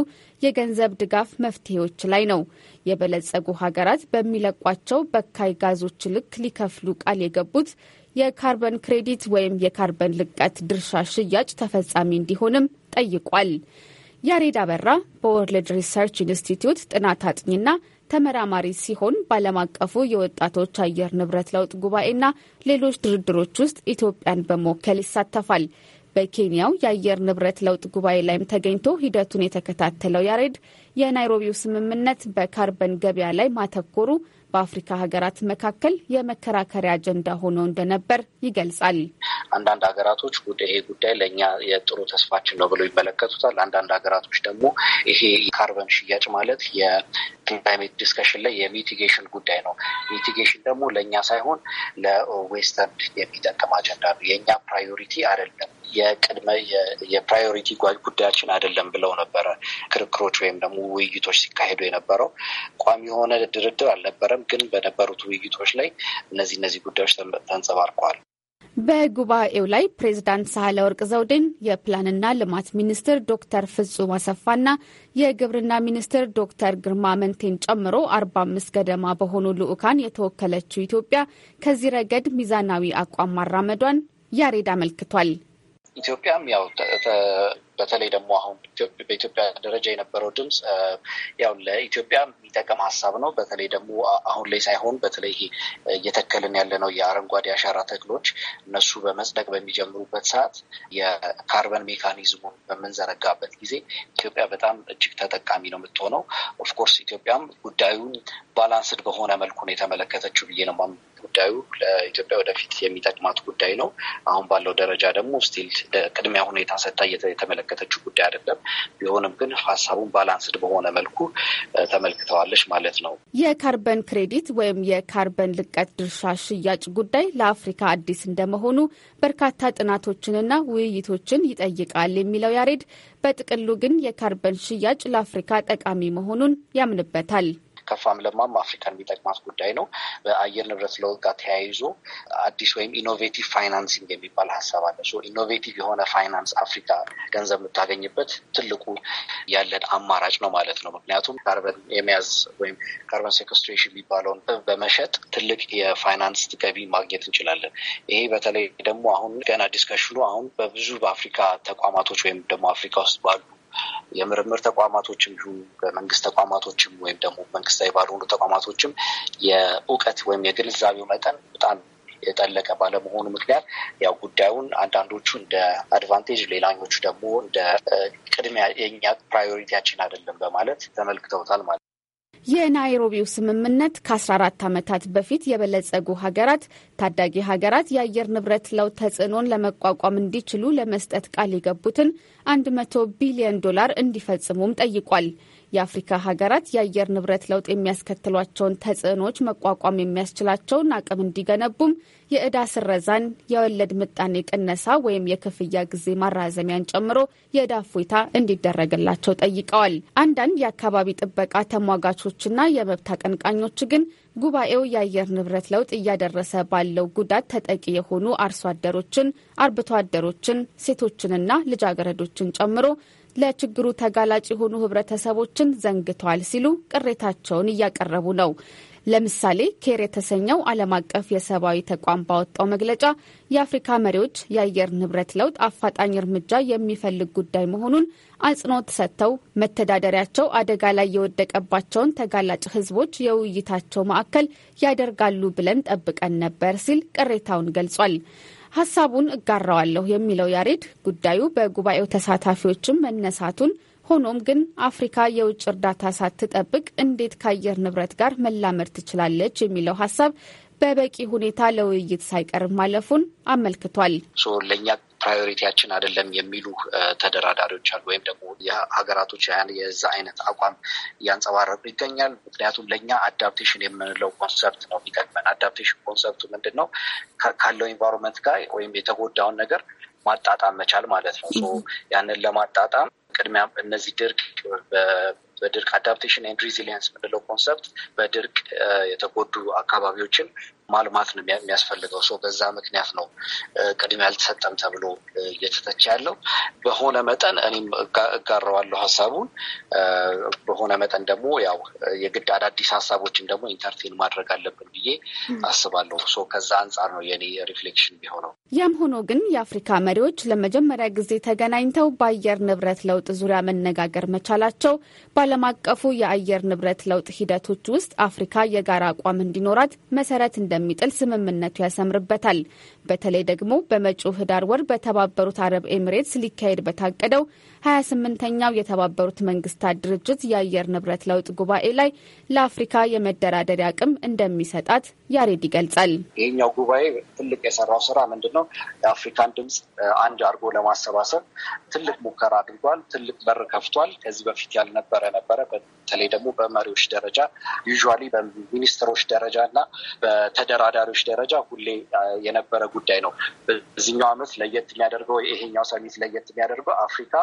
የገንዘብ ድጋፍ መፍትሄዎች ላይ ነው። የበለጸጉ ሀገራት በሚለቋቸው በካይ ጋዞች ልክ ሊከፍሉ ቃል የገቡት የካርበን ክሬዲት ወይም የካርበን ልቀት ድርሻ ሽያጭ ተፈጻሚ እንዲሆንም ጠይቋል። ያሬድ አበራ በወርልድ ሪሰርች ኢንስቲትዩት ጥናት አጥኚና ተመራማሪ ሲሆን በዓለም አቀፉ የወጣቶች አየር ንብረት ለውጥ ጉባኤና ሌሎች ድርድሮች ውስጥ ኢትዮጵያን በመወከል ይሳተፋል። በኬንያው የአየር ንብረት ለውጥ ጉባኤ ላይም ተገኝቶ ሂደቱን የተከታተለው ያሬድ የናይሮቢው ስምምነት በካርበን ገበያ ላይ ማተኮሩ በአፍሪካ ሀገራት መካከል የመከራከሪያ አጀንዳ ሆኖ እንደነበር ይገልጻል። አንዳንድ ሀገራቶች ይሄ ጉዳይ ለእኛ የጥሩ ተስፋችን ነው ብለው ይመለከቱታል። አንዳንድ ሀገራቶች ደግሞ ይሄ ካርበን ሽያጭ ማለት የክላይሜት ዲስከሽን ላይ የሚቲጌሽን ጉዳይ ነው። ሚቲጌሽን ደግሞ ለእኛ ሳይሆን ለዌስተርን የሚጠቅም አጀንዳ ነው፣ የእኛ ፕራዮሪቲ አይደለም የቅድመ የፕራዮሪቲ ጉዳያችን አይደለም ብለው ነበረ ክርክሮች ወይም ደግሞ ውይይቶች ሲካሄዱ የነበረው። ቋሚ የሆነ ድርድር አልነበረም፣ ግን በነበሩት ውይይቶች ላይ እነዚህ እነዚህ ጉዳዮች ተንጸባርቀዋል። በጉባኤው ላይ ፕሬዝዳንት ሳህለ ወርቅ ዘውዴን የፕላንና ልማት ሚኒስትር ዶክተር ፍጹም አሰፋና የግብርና ሚኒስትር ዶክተር ግርማ መንቴን ጨምሮ አርባ አምስት ገደማ በሆኑ ልዑካን የተወከለችው ኢትዮጵያ ከዚህ ረገድ ሚዛናዊ አቋም ማራመዷን ያሬድ አመልክቷል። 你就别秒的的。በተለይ ደግሞ አሁን በኢትዮጵያ ደረጃ የነበረው ድምፅ ያው ለኢትዮጵያ የሚጠቅም ሀሳብ ነው። በተለይ ደግሞ አሁን ላይ ሳይሆን በተለይ እየተከልን ያለነው የአረንጓዴ አሻራ ተክሎች እነሱ በመጽደቅ በሚጀምሩበት ሰዓት የካርበን ሜካኒዝሙን በምንዘረጋበት ጊዜ ኢትዮጵያ በጣም እጅግ ተጠቃሚ ነው የምትሆነው። ኦፍኮርስ ኢትዮጵያም ጉዳዩን ባላንስድ በሆነ መልኩ ነው የተመለከተችው ብዬ ነው። ጉዳዩ ለኢትዮጵያ ወደፊት የሚጠቅማት ጉዳይ ነው። አሁን ባለው ደረጃ ደግሞ ስቲል ቅድሚያ ሁኔታ ሰጥታ እየተመለከ የተመለከተችው ጉዳይ አይደለም። ቢሆንም ግን ሀሳቡን ባላንስድ በሆነ መልኩ ተመልክተዋለች ማለት ነው። የካርበን ክሬዲት ወይም የካርበን ልቀት ድርሻ ሽያጭ ጉዳይ ለአፍሪካ አዲስ እንደመሆኑ በርካታ ጥናቶችንና ውይይቶችን ይጠይቃል የሚለው ያሬድ በጥቅሉ ግን የካርበን ሽያጭ ለአፍሪካ ጠቃሚ መሆኑን ያምንበታል። ከፋም ለማም አፍሪካን የሚጠቅማት ጉዳይ ነው። በአየር ንብረት ለውጥ ጋር ተያይዞ አዲስ ወይም ኢኖቬቲቭ ፋይናንሲንግ የሚባል ሀሳብ አለ። ኢኖቬቲቭ የሆነ ፋይናንስ አፍሪካ ገንዘብ የምታገኝበት ትልቁ ያለን አማራጭ ነው ማለት ነው። ምክንያቱም ካርበን የመያዝ ወይም ካርበን ሴኮስትሬሽን የሚባለውን በመሸጥ ትልቅ የፋይናንስ ገቢ ማግኘት እንችላለን። ይሄ በተለይ ደግሞ አሁን ገና ዲስከሽኑ አሁን በብዙ በአፍሪካ ተቋማቶች ወይም ደግሞ አፍሪካ ውስጥ ባሉ የምርምር ተቋማቶችም ይሁን በመንግስት ተቋማቶችም ወይም ደግሞ መንግስታዊ ባልሆኑ ተቋማቶችም የእውቀት ወይም የግንዛቤው መጠን በጣም የጠለቀ ባለመሆኑ ምክንያት ያው ጉዳዩን አንዳንዶቹ እንደ አድቫንቴጅ፣ ሌላኞቹ ደግሞ እንደ ቅድሚያ የኛ ፕራዮሪቲያችን አይደለም በማለት ተመልክተውታል ማለት ነው። የናይሮቢው ስምምነት ከ14 ዓመታት በፊት የበለጸጉ ሀገራት ታዳጊ ሀገራት የአየር ንብረት ለውጥ ተጽዕኖን ለመቋቋም እንዲችሉ ለመስጠት ቃል የገቡትን 100 ቢሊዮን ዶላር እንዲፈጽሙም ጠይቋል። የአፍሪካ ሀገራት የአየር ንብረት ለውጥ የሚያስከትሏቸውን ተጽዕኖዎች መቋቋም የሚያስችላቸውን አቅም እንዲገነቡም የዕዳ ስረዛን፣ የወለድ ምጣኔ ቅነሳ ወይም የክፍያ ጊዜ ማራዘሚያን ጨምሮ የዕዳ እፎይታ እንዲደረግላቸው ጠይቀዋል። አንዳንድ የአካባቢ ጥበቃ ተሟጋቾችና የመብት አቀንቃኞች ግን ጉባኤው የአየር ንብረት ለውጥ እያደረሰ ባለው ጉዳት ተጠቂ የሆኑ አርሶ አደሮችን፣ አርብቶ አደሮችን፣ ሴቶችንና ልጃገረዶችን ጨምሮ ለችግሩ ተጋላጭ የሆኑ ህብረተሰቦችን ዘንግቷል ሲሉ ቅሬታቸውን እያቀረቡ ነው። ለምሳሌ ኬር የተሰኘው ዓለም አቀፍ የሰብአዊ ተቋም ባወጣው መግለጫ የአፍሪካ መሪዎች የአየር ንብረት ለውጥ አፋጣኝ እርምጃ የሚፈልግ ጉዳይ መሆኑን አጽንኦት ሰጥተው መተዳደሪያቸው አደጋ ላይ የወደቀባቸውን ተጋላጭ ህዝቦች የውይይታቸው ማዕከል ያደርጋሉ ብለን ጠብቀን ነበር ሲል ቅሬታውን ገልጿል። ሀሳቡን እጋራዋለሁ የሚለው ያሬድ ጉዳዩ በጉባኤው ተሳታፊዎችም መነሳቱን ሆኖም ግን አፍሪካ የውጭ እርዳታ ሳትጠብቅ እንዴት ከአየር ንብረት ጋር መላመድ ትችላለች የሚለው ሀሳብ በበቂ ሁኔታ ለውይይት ሳይቀርብ ማለፉን አመልክቷል። ለእኛ ፕራዮሪቲያችን አይደለም የሚሉ ተደራዳሪዎች አሉ፣ ወይም ደግሞ የሀገራቶች የዛ አይነት አቋም እያንጸባረቁ ይገኛል። ምክንያቱም ለእኛ አዳፕቴሽን የምንለው ኮንሰፕት ነው የሚጠቅመን። አዳፕቴሽን ኮንሰፕቱ ምንድን ነው? ካለው ኢንቫይሮንመንት ጋር ወይም የተጎዳውን ነገር ማጣጣም መቻል ማለት ነው። ያንን ለማጣጣም ቅድሚያ እነዚህ ድርቅ በድርቅ አዳፕቴሽን ኤንድ ሪዚሊየንስ የምንለው ኮንሰፕት በድርቅ የተጎዱ አካባቢዎችን ማልማት ነው የሚያስፈልገው። ሰው በዛ ምክንያት ነው ቅድሚያ አልተሰጠም ተብሎ እየተተቸ ያለው። በሆነ መጠን እኔም እጋረዋለሁ ሀሳቡን። በሆነ መጠን ደግሞ ያው የግድ አዳዲስ ሀሳቦችን ደግሞ ኢንተርቴን ማድረግ አለብን ብዬ አስባለሁ። ሰው ከዛ አንጻር ነው የኔ ሪፍሌክሽን ቢሆነው። ያም ሆኖ ግን የአፍሪካ መሪዎች ለመጀመሪያ ጊዜ ተገናኝተው በአየር ንብረት ለውጥ ዙሪያ መነጋገር መቻላቸው በዓለም አቀፉ የአየር ንብረት ለውጥ ሂደቶች ውስጥ አፍሪካ የጋራ አቋም እንዲኖራት መሰረት እንደ እንደሚጥል ስምምነቱ ያሰምርበታል። በተለይ ደግሞ በመጪው ህዳር ወር በተባበሩት አረብ ኤምሬትስ ሊካሄድ በታቀደው 28ኛው የተባበሩት መንግስታት ድርጅት የአየር ንብረት ለውጥ ጉባኤ ላይ ለአፍሪካ የመደራደሪያ አቅም እንደሚሰጣት ያሬድ ይገልጻል። ይህኛው ጉባኤ ትልቅ የሰራው ስራ ምንድን ነው? የአፍሪካን ድምፅ አንድ አድርጎ ለማሰባሰብ ትልቅ ሙከራ አድርጓል። ትልቅ በር ከፍቷል። ከዚህ በፊት ያልነበረ ነበረ። በተለይ ደግሞ በመሪዎች ደረጃ ዩዥዋሊ በሚኒስትሮች ደረጃ እና በተደራዳሪዎች ደረጃ ሁሌ የነበረ ጉዳይ ነው። በዚህኛው ዓመት ለየት የሚያደርገው ይሄኛው ሰሚት ለየት የሚያደርገው አፍሪካ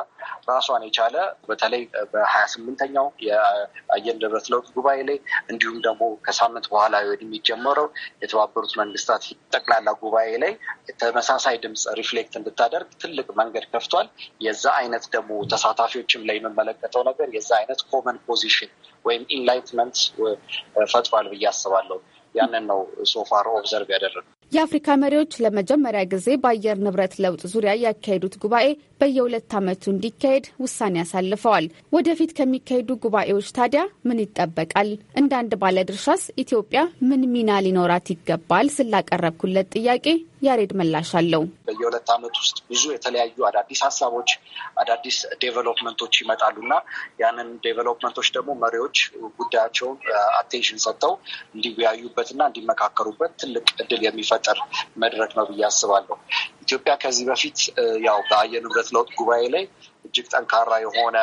ራሷን የቻለ በተለይ በሀያ ስምንተኛው የአየር ንብረት ለውጥ ጉባኤ ላይ እንዲሁም ደግሞ ከሳምንት በኋላ የሚጀመረው የተባበሩት መንግስታት ጠቅላላ ጉባኤ ላይ ተመሳሳይ ድምፅ ሪፍሌክት እንድታደርግ ትልቅ መንገድ ከፍቷል። የዛ አይነት ደግሞ ተሳታፊዎችም ላይ የምመለከተው ነገር የዛ አይነት ኮመን ፖዚሽን ወይም ኢንላይትመንት ፈጥሯል ብዬ አስባለሁ። ያንን ነው ሶፋር ኦብዘርቭ ያደረገው። የአፍሪካ መሪዎች ለመጀመሪያ ጊዜ በአየር ንብረት ለውጥ ዙሪያ ያካሄዱት ጉባኤ በየሁለት ዓመቱ እንዲካሄድ ውሳኔ አሳልፈዋል። ወደፊት ከሚካሄዱ ጉባኤዎች ታዲያ ምን ይጠበቃል? እንደ አንድ ባለድርሻስ ኢትዮጵያ ምን ሚና ሊኖራት ይገባል? ስላቀረብኩለት ጥያቄ ያሬድ ምላሽ አለው። በየሁለት ዓመት ውስጥ ብዙ የተለያዩ አዳዲስ ሀሳቦች፣ አዳዲስ ዴቨሎፕመንቶች ይመጣሉ እና ያንን ዴቨሎፕመንቶች ደግሞ መሪዎች ጉዳያቸውን አቴንሽን ሰጥተው እንዲወያዩበትና እንዲመካከሩበት ትልቅ እድል የሚፈጠር መድረክ ነው ብዬ አስባለሁ። ኢትዮጵያ ከዚህ በፊት ያው በአየር ንብረት ለውጥ ጉባኤ ላይ እጅግ ጠንካራ የሆነ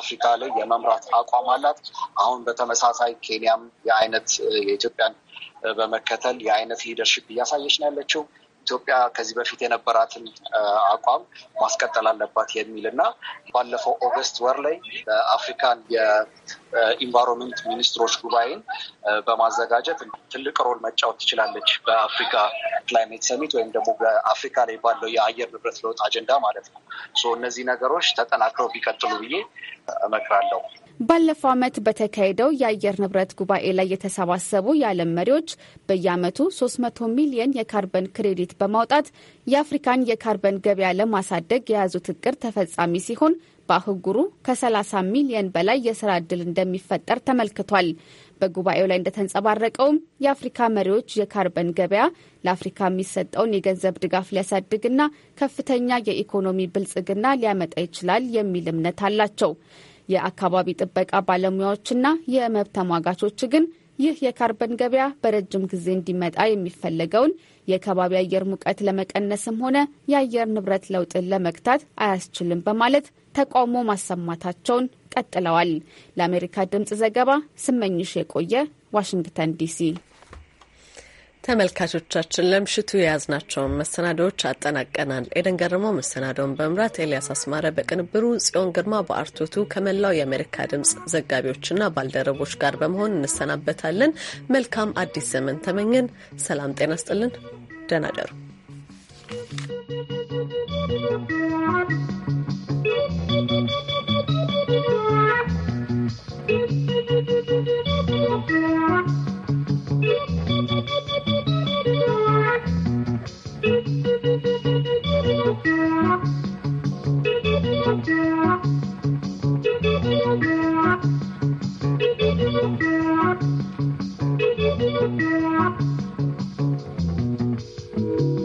አፍሪካ ላይ የመምራት አቋም አላት። አሁን በተመሳሳይ ኬንያም የአይነት የኢትዮጵያን በመከተል የአይነት ሊደርሽፕ እያሳየች ነው ያለችው። ኢትዮጵያ ከዚህ በፊት የነበራትን አቋም ማስቀጠል አለባት የሚል እና ባለፈው ኦገስት ወር ላይ በአፍሪካን የኢንቫይሮንመንት ሚኒስትሮች ጉባኤን በማዘጋጀት ትልቅ ሮል መጫወት ትችላለች በአፍሪካ ክላይሜት ሰሚት ወይም ደግሞ በአፍሪካ ላይ ባለው የአየር ንብረት ለውጥ አጀንዳ ማለት ነው። እነዚህ ነገሮች ተጠናክረው ቢቀጥሉ ብዬ እመክራለሁ። ባለፈው ዓመት በተካሄደው የአየር ንብረት ጉባኤ ላይ የተሰባሰቡ የዓለም መሪዎች በየዓመቱ 300 ሚሊየን የካርበን ክሬዲት በማውጣት የአፍሪካን የካርበን ገበያ ለማሳደግ የያዙት እቅድ ተፈጻሚ ሲሆን በአህጉሩ ከ30 ሚሊየን በላይ የስራ ዕድል እንደሚፈጠር ተመልክቷል። በጉባኤው ላይ እንደተንጸባረቀውም የአፍሪካ መሪዎች የካርበን ገበያ ለአፍሪካ የሚሰጠውን የገንዘብ ድጋፍ ሊያሳድግና ከፍተኛ የኢኮኖሚ ብልጽግና ሊያመጣ ይችላል የሚል እምነት አላቸው። የአካባቢ ጥበቃ ባለሙያዎችና የመብት ተሟጋቾች ግን ይህ የካርበን ገበያ በረጅም ጊዜ እንዲመጣ የሚፈለገውን የከባቢ አየር ሙቀት ለመቀነስም ሆነ የአየር ንብረት ለውጥን ለመግታት አያስችልም በማለት ተቃውሞ ማሰማታቸውን ቀጥለዋል። ለአሜሪካ ድምጽ ዘገባ ስመኝሽ የቆየ ዋሽንግተን ዲሲ። ተመልካቾቻችን ለምሽቱ የያዝናቸውን መሰናዶዎች አጠናቀናል። ኤደን ገርመው መሰናዶውን በመምራት ኤልያስ አስማረ በቅንብሩ፣ ጽዮን ግርማ በአርቶቱ ከመላው የአሜሪካ ድምፅ ዘጋቢዎችና ባልደረቦች ጋር በመሆን እንሰናበታለን። መልካም አዲስ ዘመን ተመኘን። ሰላም ጤና ስጥልን። ደህና ደሩ።